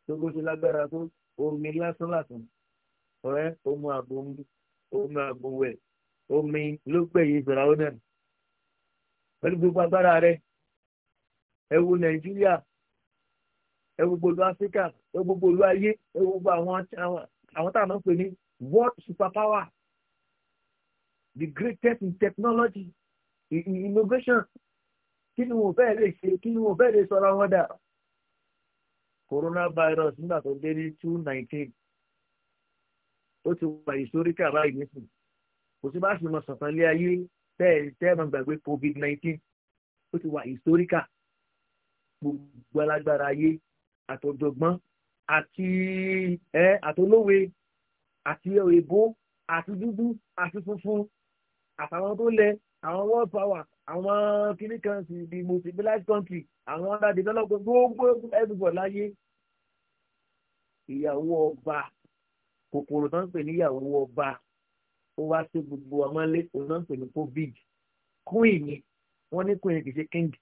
A: gbogbo ṣe lágbára tó omi lásán lásán ọ̀rẹ́ omi àgbo omi àgbo wẹ̀ omi ló gbẹ̀yìn ìfìràwọ náà pẹ̀lú gbogbo agbára rẹ ẹ wo nàìjíríà ẹ wo gbogbo áfíríkà ẹ wo gbogbo olú ayé ẹ wo gbogbo àwọn àwọn tá a máa ń pè ní world superpower the greatest in technology in innovation kí ni wọn fẹ́ lè ṣe kí ni wọn fẹ́ lè sọ̀rọ̀ wọn dà coronavirus nígbà tó dé ní two nineteen ó ti wà historical báyìí nísìnyí kò sí bá sì mọ sọ̀tàn lé ayé tẹ́ẹ̀ tẹ́ẹ̀ mọ̀ gbàgbé covid nineteen ó ti wà historical gbogbo alágbára ayé àtọ̀jọ̀gbọ́n àti ẹ àtolówe àti èbó àti dúdú àti funfun àtàwọn tó lẹ àwọn world power àwọn kìnnì kan sì di most civilized country àwọn under developed gbogbo everybody láyé ìyàwó ọba kòkòrò tó ń pè ní ìyàwó ọba ó wá sí gbogbo ọmọlé òun náà ń pè ní covid queen ni wọ́n ní queen kì í ṣe king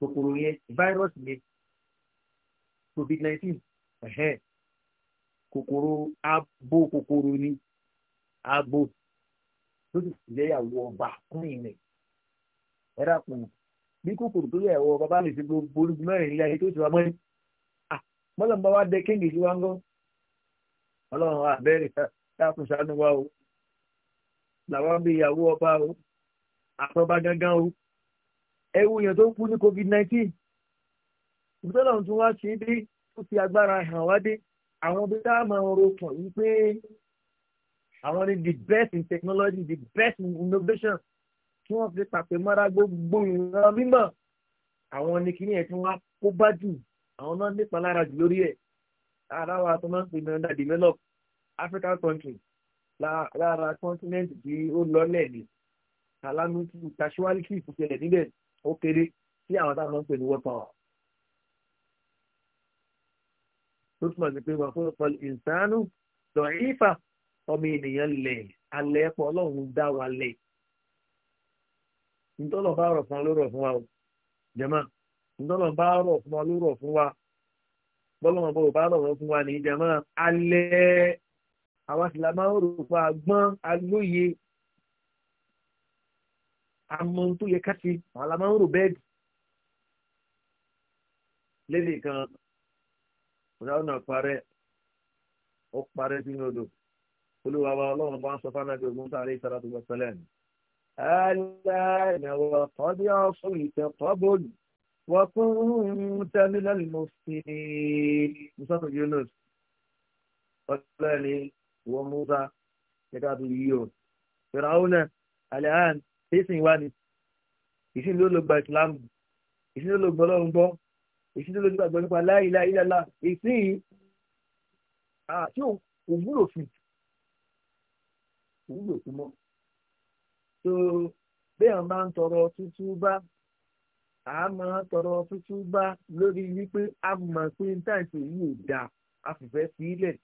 A: kòkòrò yẹn virus yẹn covid nineteen kòkòrò abo kòkòrò ni abo tó sì jẹ́ ìyàwó ọba fún ilẹ̀ ẹ dàpọ̀ bí kòkòrò tó yẹ ẹ̀wọ̀ bàbá mi ti gbogbo olùgbò mẹ́rin ilé ayé tó ti wá mọ́ni mọ́lọ́n ah, bá wá dé kéńgì sí wa ń gọ́ ọlọ́run àbẹ́rẹ́ dákun ṣàánú wa o làwa ń bí ìyàwó ọba o àtọ́ba gángan o ewu yẹn tó ń kú ní covid nineteen ìbùdó lọ́run tún wá ṣe é dé ó fi agbára hàn wá dé àwọn bí táwọn máa ń ro kàn yí pé àwọn ní the best in technology the best in innovation tí wọ́n fi pàpẹ́ mọ́ra gbogbo ìran mímọ̀ àwọn ní kíní ẹ̀ tí wọ́n á kó bá jù àwọn náà nípa lára jù lórí ẹ̀ aráwa tó máa ń under develop African country lára continent tí ó lọ́lẹ̀ ni calamity casualty ìfúnṣẹlẹ̀ níbẹ̀ ó kéré sí àwọn táwọn ń pè ní world power. tó túmọ̀ sí pé wà fún ọ̀pọ̀ ìsánú lọ́ọ́ ìfà ọmọ ènìyàn lẹ̀ alẹ́ pọ̀ ọlọ́run dá wa lẹ̀ ntọ́lọ̀ bá rọ̀ fún wa ló rọ̀ fún wa o jẹ́mọ́ ntọ́lọ̀ bá rọ̀ fún wa ló rọ̀ fún wa bọ́lọ́mọ bọ́ bá rọ̀ fún wa ní jẹ́mọ́ alẹ́ àwa sì la máa ń rò fún agbọ́n alóye àmọ́ tó yẹ ká àwa la máa ń rò bẹ́ẹ̀dì lẹ́lẹ̀ kan ọ̀nà parẹ́ ó parẹ́ sínú odò olúwa wa ọlọ́run bá ń sọ fún anábì ogun sáré ìsọ̀rọ̀ tó gbọ́sọ̀lẹ̀ ni. àlá ìnáwó ọ̀kan bí ọ̀sùn ìtẹ̀kọ́ bòlù wọ́n tún ń tẹ́lẹ̀ lẹ́nu mo fi musafir yunus ọ̀sẹ̀ ni wọ́n musa gẹ́gẹ́ bí yìí o. fìràwọ́n náà àlẹ́ àn tẹ́sán ìwà ni ìsìn ló lọ gba ìsìlámù ìsìn ló lọ gbọ́ lọ́run gbọ́ ìsìn ló lọ gbàgbọ́ nípa láìláìlá ìsìn yìí àti wúlò fún mọ́ so béèyàn bá ń tọrọ tútú bá a máa tọrọ tútú bá lórí wípé a mọ̀ pé n táìsì yìí ò dáa a sì fẹ́ fi ilẹ̀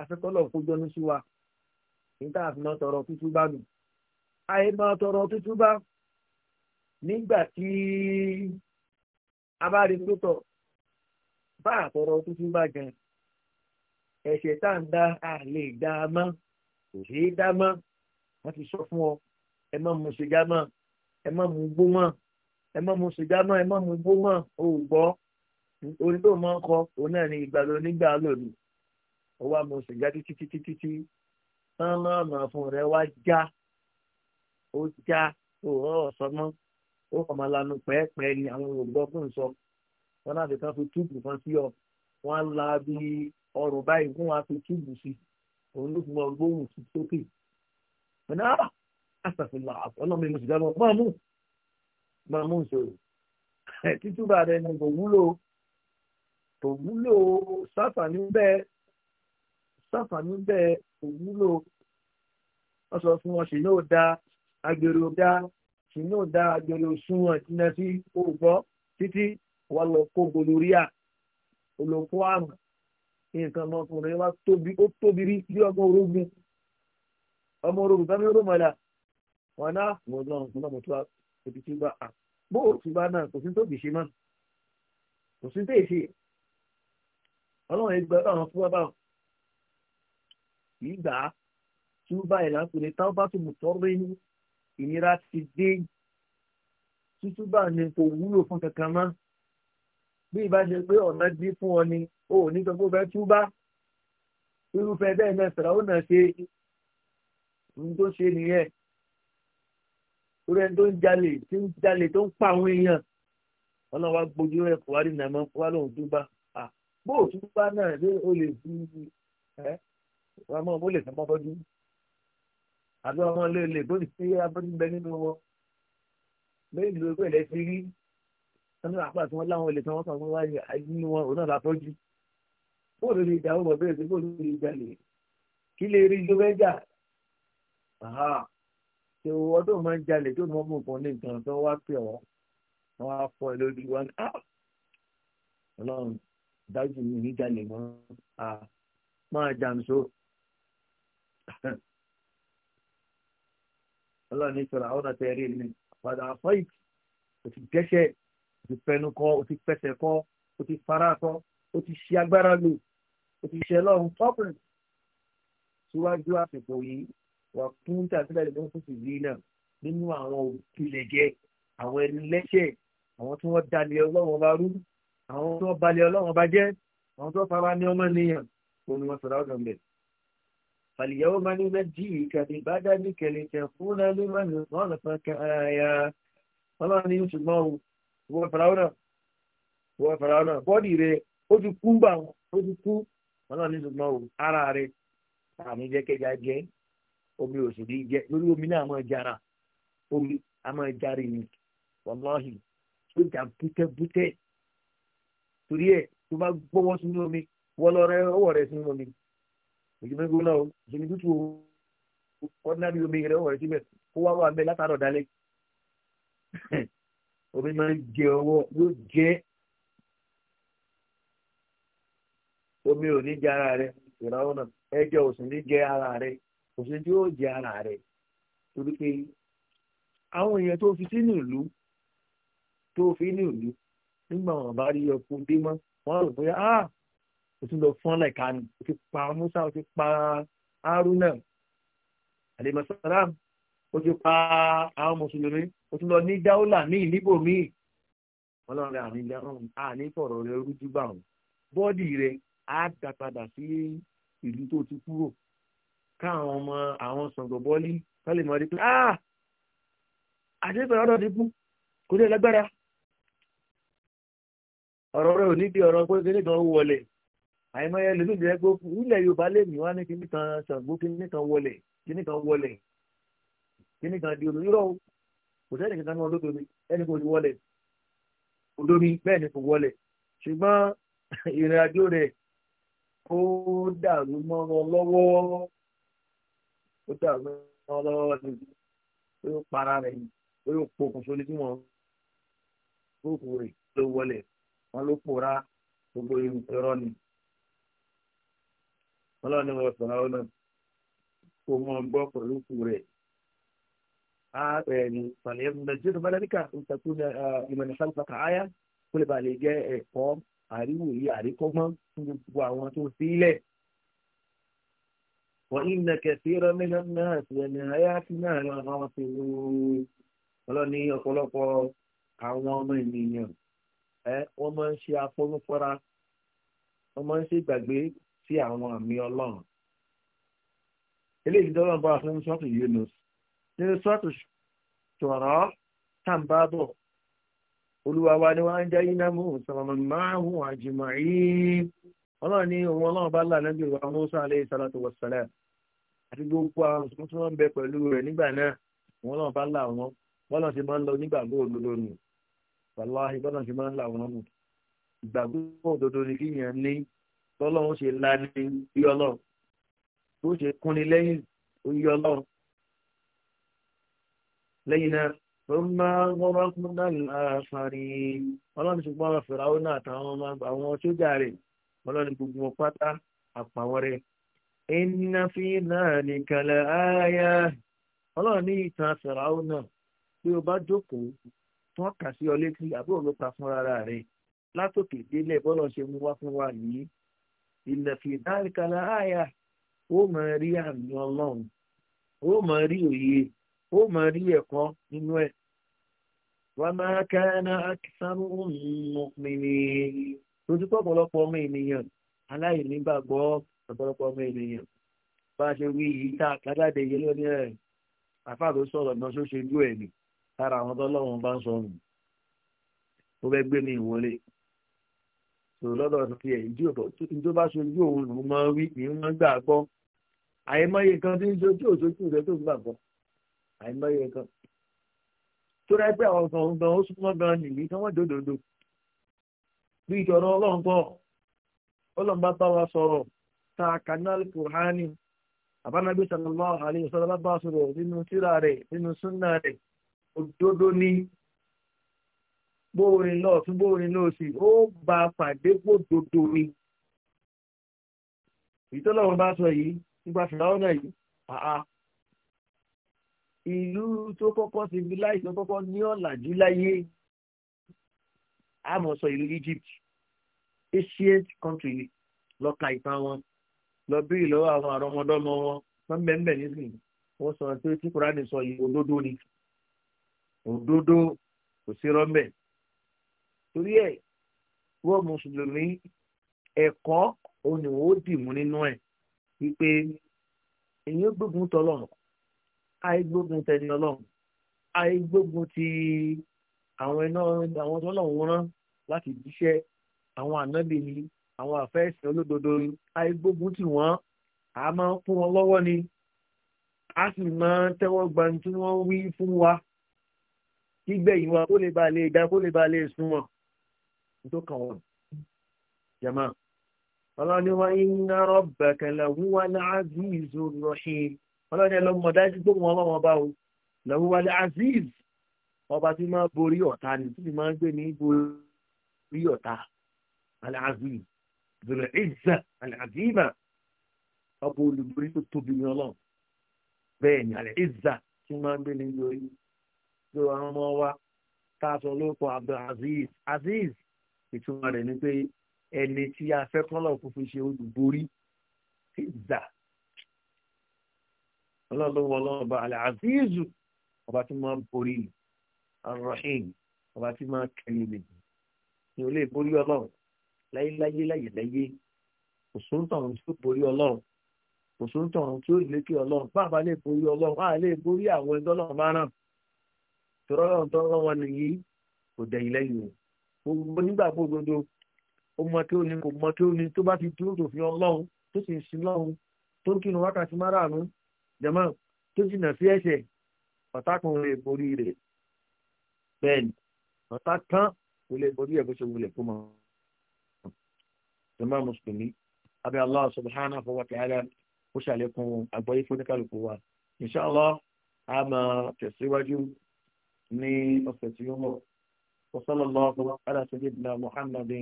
A: afẹ́kọ́lọ̀ kójọ ní sí n táà fi máa tọrọ tútú bá nù àyè máa tọrọ tútú bá nígbà tí a bá rí pé tọ̀ bá àtọrọ tútú bá gan ẹ̀ṣẹ̀ tá à ń dá a lè dá a mọ́. kò ṣe é dá mọ́ wọ́n ti sọ fún ọ ẹ má mu sìgá mọ́ ẹ má mu gbó mọ́ ẹ má mu sìgá mọ́ ẹ má mu gbó mọ́ o ò gbọ́ orin tó máa ń kọ òun náà ni ìgbàlódé onígbà lòdì ó wá mu sìgá títí títí títí tán náà mà fún rẹ wá já ó já ó rọ ọ̀sán mọ́ ó kọ̀ máa lanu pẹ́ẹ́pẹ́ẹ́ ni àwọn olùgbọ́ fún un sọ wọn náà kan fi túbù kan sí ọ wọn á la bí ọrùn báyìí fún wa fi túbù sí i òun ló fi mọ gbóhùn sókè ọ̀nà àṣàfihàn ọlọ́mọ ìlú ṣìgá lọ máa mú máa mú ìṣòro títúbà rẹ ni kò wúlò kò wúlò sáfàní bẹ́ẹ̀ sáfàní bẹ́ẹ̀ kò wúlò wọ́n sọ fún wọn ṣì yóò da agbèrè ọ̀dà ṣì yóò da agbèrè òṣùwọ̀n jìnnà sí òògbọ́ títí wọ́n lọ kó goloríà olùkó àrùn nǹkan ọmọkùnrin wa tóbi ó tóbi rí bí ọmọ orógun ọmọ orógun tán ní orómọlá wọn náà mo lọ nǹkan náà mo tó ibi tí bá a bó o ti bá náà kò sí tó bì ṣe mọ́ kò sí tó èsì ọlọ́run ẹgbẹ́ ọlọ́run fún wa báwọn kì í gbà á tí ó báyìí lápẹ̀lẹ̀ táwọn bá tún mú tọ́rọ inú ìnira ti dé tútúbà ni kò wúlò fún kankan mọ́ bí ìbá ọ̀nà dí fún ọ ni o ní sọ pé o fẹ́ túbá irúfẹ́ bẹ́ẹ̀ náà sọ̀rọ̀ ó náà ṣe ohun tó ṣe nìyẹn orí ẹni tó ń jalè tí ń jalè tó ń pa àwọn èèyàn ọlọ́wà gbójú rẹ̀ kò wá rí nàmọ́ wá lóhùn túbá bó o túbá náà ṣé o lè fi ẹ́ wọ́n mọ̀ ó lè fẹ́ mọ́bọ́dún àbí ọmọ lè lè bó ti ṣe abọ́dún bẹ nínú wọn lẹ́yìn ìlú ti rí sanu àpá àti wọn láwọn olè tí wọn kàn wọn wáyé nínú wọn òun náà láfọ́jú bóòlù ni ìjà ọmọ bẹ́ẹ̀ sí bóòlù ni ìjà lè kí lè rí ló fẹ́ jà ṣe owó tó máa ń jalè tó mọ́ mú nǹkan ní nǹkan tó wá pè ọ́ wọ́n á fọ ẹ lórí wọn ah! ọlọ́run dájú mi ní jalè mọ́ a máa jàǹso ọlọ́run ní àwọn ọ̀tẹ̀ rí ni padà àfọ́yì o ti dẹ́ṣẹ̀ o ti fẹnu kọ́ o ti fẹsẹ̀ kọ́ o ti fara kọ́ ó ti ṣe agbára lò ó ti ṣe lọ́run tọ́pìn síwájú àsìkò yìí wà fún tàbílẹ̀ ló ń fòsì rí náà nínú àwọn òkìlẹ̀jẹ́ àwọn ẹni lẹ́sẹ̀ àwọn tí wọ́n dalẹ̀ ọlọ́run bá rú àwọn tí wọ́n balẹ̀ ọlọ́run bá jẹ́ àwọn tí wọ́n fara ní ọmọ nìyàn òun ni wọ́n sọ̀rọ̀ ọ̀dọ̀ mbẹ̀. fàlìyàwó máa ní mẹ́jì kàbí bá dání kẹlẹ̀ tẹ̀ fún náà mọ́nà mọ́nà fún kẹ́hàyà ọlọ́run ní ṣùgbọ́n wọ́n ó ti kú gbà wọn ó ti kú wọn náà ní ṣùgbọ́n o ara rẹ àmì jẹ́kẹ́jà jẹ́ omi ò sì rí jẹ́ lórí omi náà máa jara omi a máa jara ìní wàláhì ó jà bútẹ́bútẹ́ torí ẹ̀ tó bá gbọ́wọ́ sínú omi wọ́n lọ rẹ ọwọ́ rẹ sínú omi ìgbìmọ̀gbọ́n náà ìṣèlú tútù ordinary omi rẹ ọwọ́ rẹ síbẹ̀ kó wá wà ń látàrọ̀ dalẹ̀ omi máa jẹ ọwọ́ yóò jẹ́ omi ò ní jẹ ara rẹ ìràwọ̀ náà ẹjọ́ ò sì ní jẹ ara rẹ kò sí tí yóò jẹ ara rẹ torí pé àwọn èèyàn tó fi sínú ìlú tó fi ní ìlú nígbà wọn bá rí ọkùn dé mọ́ wọn rò pé ah o ti lọ fún ọ̀nà ìkànnì o ti pa Musa o ti pa Haruna alimasalam o ti pa àwọn mùsùlùmí o ti lọ ní dáúlà míì níbòmíì wọn lọ rẹ àní fọ̀rọ̀ rẹ rújú bá wọn bọ́ọ̀dì rẹ á dá padà sí ìlú tó ti kúrò káwọn ọmọ àwọn sọ̀gbọ̀bọ́lí wọ́n lè mọ̀ rí pé ah àṣepẹ̀ ọ̀rọ̀ ti kú kò ní ẹlẹ́gbẹ́ra ọ̀rọ̀ rẹ̀ ò ní di ọ̀rọ̀ pé kíní kan wọlé àìmọye lèmi jẹ́ pé ilẹ̀ Yorùbá lè mí wá ní kíní kan Ṣàngó kíní kan wọlé kíní kan wọlé kíní kan di olóyún rọ̀ kò sẹ́ni kankan náà lódomi ẹni kò ní wọlé olómi bẹ́ẹ̀ ni kò wọlé ṣùgbọ́n ìrìn àjò rẹ̀ ó dàrú mọ́ wọn lọ́wọ́ ó dàrú mọ́ wọn lọ́wọ́ ni ó yóò para rẹ̀ yìí ó yóò pokùn sóni tí wọ́n gbóòkù rẹ̀ ló wọlé wọn ló pòórá gbogbo irọ́ ni wọn lọ́ọ́ ni wọ́n sọ̀rọ̀ ọ́nà kó mọ́ gbọ́ pẹ̀lú kù rẹ̀ يعني فليمجده ملائكة أن تكون لمن خلفك آية كل بقى اللي جاء قوم àríwòye àríkọ́gbọ́n fún gbogbo àwọn tó sílẹ̀. wọ́n iná kẹsì rọ́mẹ́nà náà sẹ̀nà ayáàtì náà lọ́wọ́ ti wú ọlọ́ni ọ̀pọ̀lọpọ̀ àwọn ọmọ ènìyàn ẹ wọ́n máa ń ṣe afọ́nufọ́ra wọ́n máa ń ṣe gbàgbé sí àwọn àmì ọlọ́run. eléyìí dọ́rọ̀ bá a fún sọ́ọ̀tù Yunus nínú sọ́ọ̀tù ṣọ̀rọ̀ tàǹbà olúwa wa ni wọ́n á jẹ́ iná mú sọ̀rọ̀ máàmù àjùmọ̀rí ọlọ́run ní òun ọlọ́run bá là lẹ́gbẹ̀ẹ́ wa mọ́sá alẹ́ sàlátù wọ̀sálẹ̀ àti gbogbo àwọn mùsùlùmí tí wọ́n ń bẹ pẹ̀lú rẹ̀ nígbà náà òun ọlọ́run bá là wọn bọ́lá ti máa ń lọ nígbàgbọ́ òdodo nù wàláhì bọ́lá ti máa ń là wọn nù ìgbàgbọ́ òdodo ni kí yẹn ní tọ́lọ́run ṣe la ثم غرقنا الآخرين ọlọ́run ṣùgbọ́n àwọn fìràwọ́ náà àtàwọn ọmọ àwọn sójà rẹ̀ ọlọ́run gbogbo wọn pátá àpàwọ́rẹ́. iná fi náà nìkàlẹ̀ ààyè ọlọ́run ní ìtàn fìràwọ́ náà bí o bá jókòó tán kà sí ọ létí àbúrò ló pa fúnra rẹ̀ látòkè délẹ̀ bọ́lọ̀ ṣe mú wá fún wa yìí ó máa rí ẹ̀kọ́ nínú ẹ̀ wà máa kana aktharuhum mu'minin lójú pọ̀pọ̀lọpọ̀ ọmọ ènìyàn aláìnígbàgbọ́ ọ̀pọ̀lọpọ̀ ọmọ ènìyàn bá a ṣe wí yìí tá a kájáde yìí lónìí ẹ̀ àfáà ló sọ̀rọ̀ náà ṣó ṣe lú ẹ̀mí lára àwọn tọ́lọ́wọ́n bá ń sọnù ó fẹ́ gbé ní ìwọlé sọ lọ́dọ̀ ti ẹ̀ ìjọ bá ṣojú òun lòún máa wí ìhun gbàgbọ́ àyèmọ́ye kan àìmọye kan tó rẹ pé àwọn kan gan ó súnmọ́ gan nìyí kí wọ́n dòdòdò bí ìjọ̀rọ̀ ọlọ́run pọ̀ ọlọ́run bá bá wa sọ̀rọ̀ ta kanal kùhání àbánagbé sallallahu alaihi wasallam bá sọ̀rọ̀ nínú tírà rẹ̀ nínú súnà rẹ̀ òdodo ni bóorin náà tún bóorin náà sì ó bá pàdé kó dodo ni ìtọ́lọ́run bá sọ yìí nípa fìlà ọ̀nà yìí àá ìlú tó kọ́kọ́ civilize tó kọ́kọ́ ní ọ̀làjú láyé àmọ́ sọ ìlú Egypt ancient country lọ́ka ìtàn wọn lọ bí ìlọ́wọ́ àwọn àrọ́mọdọ́mọ wọn wọ́n bẹ́ẹ̀ nísìnyí wọ́n sọ pé tí kúránì sọ yìí òdodo ni òdodo kò sí rọ́mbẹ̀ torí ẹ̀ wọ́n mùsùlùmí ẹ̀kọ́ òun ni wọ́n dì mú nínú ẹ̀ wípé èyí gbógun tọ́lọ́run àìgbógun tẹni ọlọ́run àìgbógun ti àwọn iná àwọn tó lọ́wọ́ rán láti jíṣẹ́ àwọn ànábì ni àwọn àfẹ́sẹ̀ olódodo ni àìgbógun tí wọ́n á máa ń fún wọn lọ́wọ́ ni a sì máa ń tẹ́wọ́ gba ní tí wọ́n wí fún wa gbígbẹ̀yìn wa kó lè ba lè ga kó lè ba lè sún wọn tó kàn wọ́n jẹ̀mọ́. ọlọ́ni wa iná rọ̀ bẹ̀kẹ̀lẹ̀ wúwa náà azizu rọ̀ṣin ọlọ́ni ẹlọ́mọ dájú pé wọn ọlọ́wọ́n bá o lọ́wọ́ wálé azeez ọba tí máa borí ọ̀tá ni tí máa gbé ní borí ọ̀tá alẹ́ azeez zòlẹ̀ ìzà alẹ́ àdìbà ọba olùborí tó tóbi ní ọlọ́run bẹ́ẹ̀ ni alẹ́ ìzà tí máa gbé ní borí tó àwọn ọmọ wa tá a sọ lóko abdul azeez azeez ìtumọ̀ rẹ̀ ni pé ẹni tí a fẹ́ kọ́lọ̀ fúnfun ṣe olùborí ìzà ọlọ́lọ́wọ́ ọlọ́ọ̀bá aláàzíìzù ọba tí máa ń borí arọ́hìn ọba tí máa kẹ́lé mi ni ò lè borí ọlọ́run láyéláyé láyéláyé òṣùntàn tí ó borí ọlọ́run òṣùntàn tí ó lékè ọlọ́run bàbá lè borí ọlọ́run á lè borí àwọn ẹgbẹ́ ọlọ́run bá náà tọ́lọ́run tọ́lọ́run wọn nìyí kò dẹ̀yìn lẹ́yìn o gbogbo nígbà gbogbo ó mọ tí ó ní kò mọ tí ó ní tó bá ti dúró tòfin ọlọ́run tó sì ń sin ọlọ́run tó ń kírun jẹmọ tó jìnnà sí ẹsẹ ọtá kan ò lè borí rẹ bẹ́ẹ̀ni ọtá kan ò lè borí ẹ bó ṣe wulẹ kó mọ jẹmọ mùsùlùmí abẹ allah subhanahu wa ta'ala ó ṣàlékún àgbọ́yé fúnikálukú wa inshallah a máa tẹ̀síwájú ní ọ̀sẹ̀ tí ó mọ̀ وصلى الله على سيدنا محمد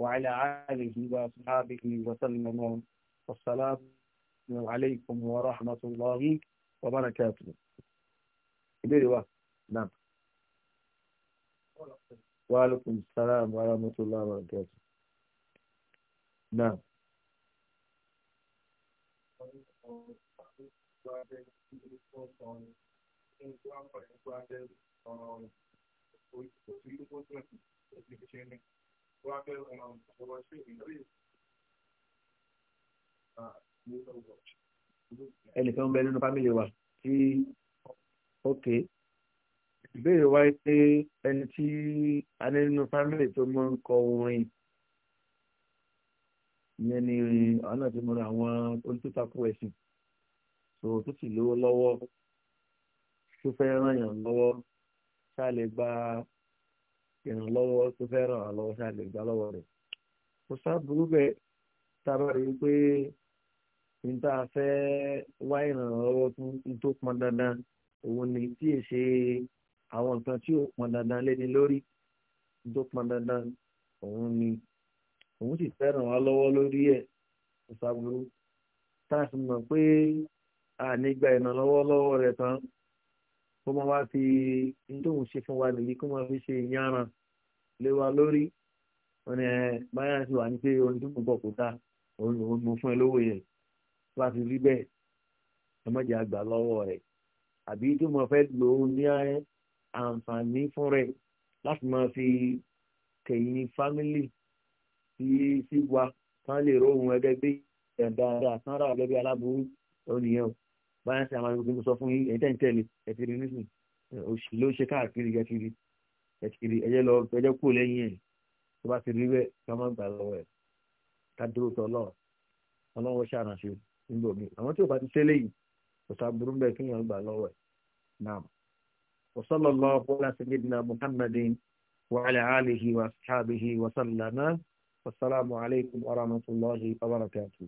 A: وعلى آله وأصحابه وسلم والسلام وعليكم ورحمة الله وبركاته نعم وعليكم السلام ورحمة الله وبركاته نعم Uh, ẹnìkan bẹ nínú fámìlì wa tí ok ìbéèrè wáyé pé ẹni tí a ní nínú fámìlì tó mọ ń kọ orin ìyẹn ni àwọn náà ti mọ àwọn olùtútàkù ẹ̀sìn tó tó sì lówó lọ́wọ́ tó fẹ́ ràn yàn lọ́wọ́ ṣáà lè gba ìrànlọ́wọ́ tó fẹ́ ràn án lọ́wọ́ ṣáà lè gbà lọ́wọ́ rẹ̀ kò sáà burú bẹ́ẹ̀ tá pé níta fẹ́ wá ìrànlọ́wọ́ fún tó pọn dandan òun ni tí è ṣe àwọn nǹkan tí ò pọn dandan léni lórí tó pọn dandan òun ni òun sì fẹ́ ràn wá lọ́wọ́ lórí ẹ̀ ìṣàbùrú tá a sì mọ̀ pé ànígbà ìrànlọ́wọ́ lọ́wọ́ rẹ̀ tán kó máa wá fi nítòhún ṣe fún wa nìyí kó máa fi ṣe ìyáran lé wa lórí wọn ni báyà sí wà ní pé ohun tó kù bọ̀ kó dá òun lòún mú fún ẹ lówó yẹn wá sí rí bẹ́ẹ̀ ẹ má jẹ́ àgbà lọ́wọ́ rẹ̀ àbí tó mọ̀ fẹ́ lò ó ní àǹfààní fún rẹ̀ láti máa fi kẹ̀yìn fámìlì sí sí wa kán lè róhun ẹgbẹ́ bí ẹ̀ dáadáa kán rà gẹ́gẹ́ bí aláburú ònìyàn báyà sí àwọn ẹgbẹ́ tó sọ fún yín ẹ̀ tẹ̀ ń tẹ̀lé ẹ̀ ti rí nísìnyí òṣì ló ṣe káàkiri gẹ́kiri ẹ̀kiri ẹ̀yẹ lọ ẹ̀jẹ̀ kú lẹ́yìn ẹ̀ tó bá ti rí bẹ́ẹ̀ ká má gbà lọ́wọ́ ẹ̀ ká dúró tọ́ lọ́ọ̀ ọlọ́wọ́ ṣàrànṣe nígbà mi àwọn tí ò bá ti tẹ́lẹ̀ yìí kò sá burú bẹ́ẹ̀ kéèyàn gbà lọ́wọ́ ẹ̀ náà وصلى الله على سيدنا محمد وعلى آله وأصحابه وسلم والسلام عليكم ورحمة الله وبركاته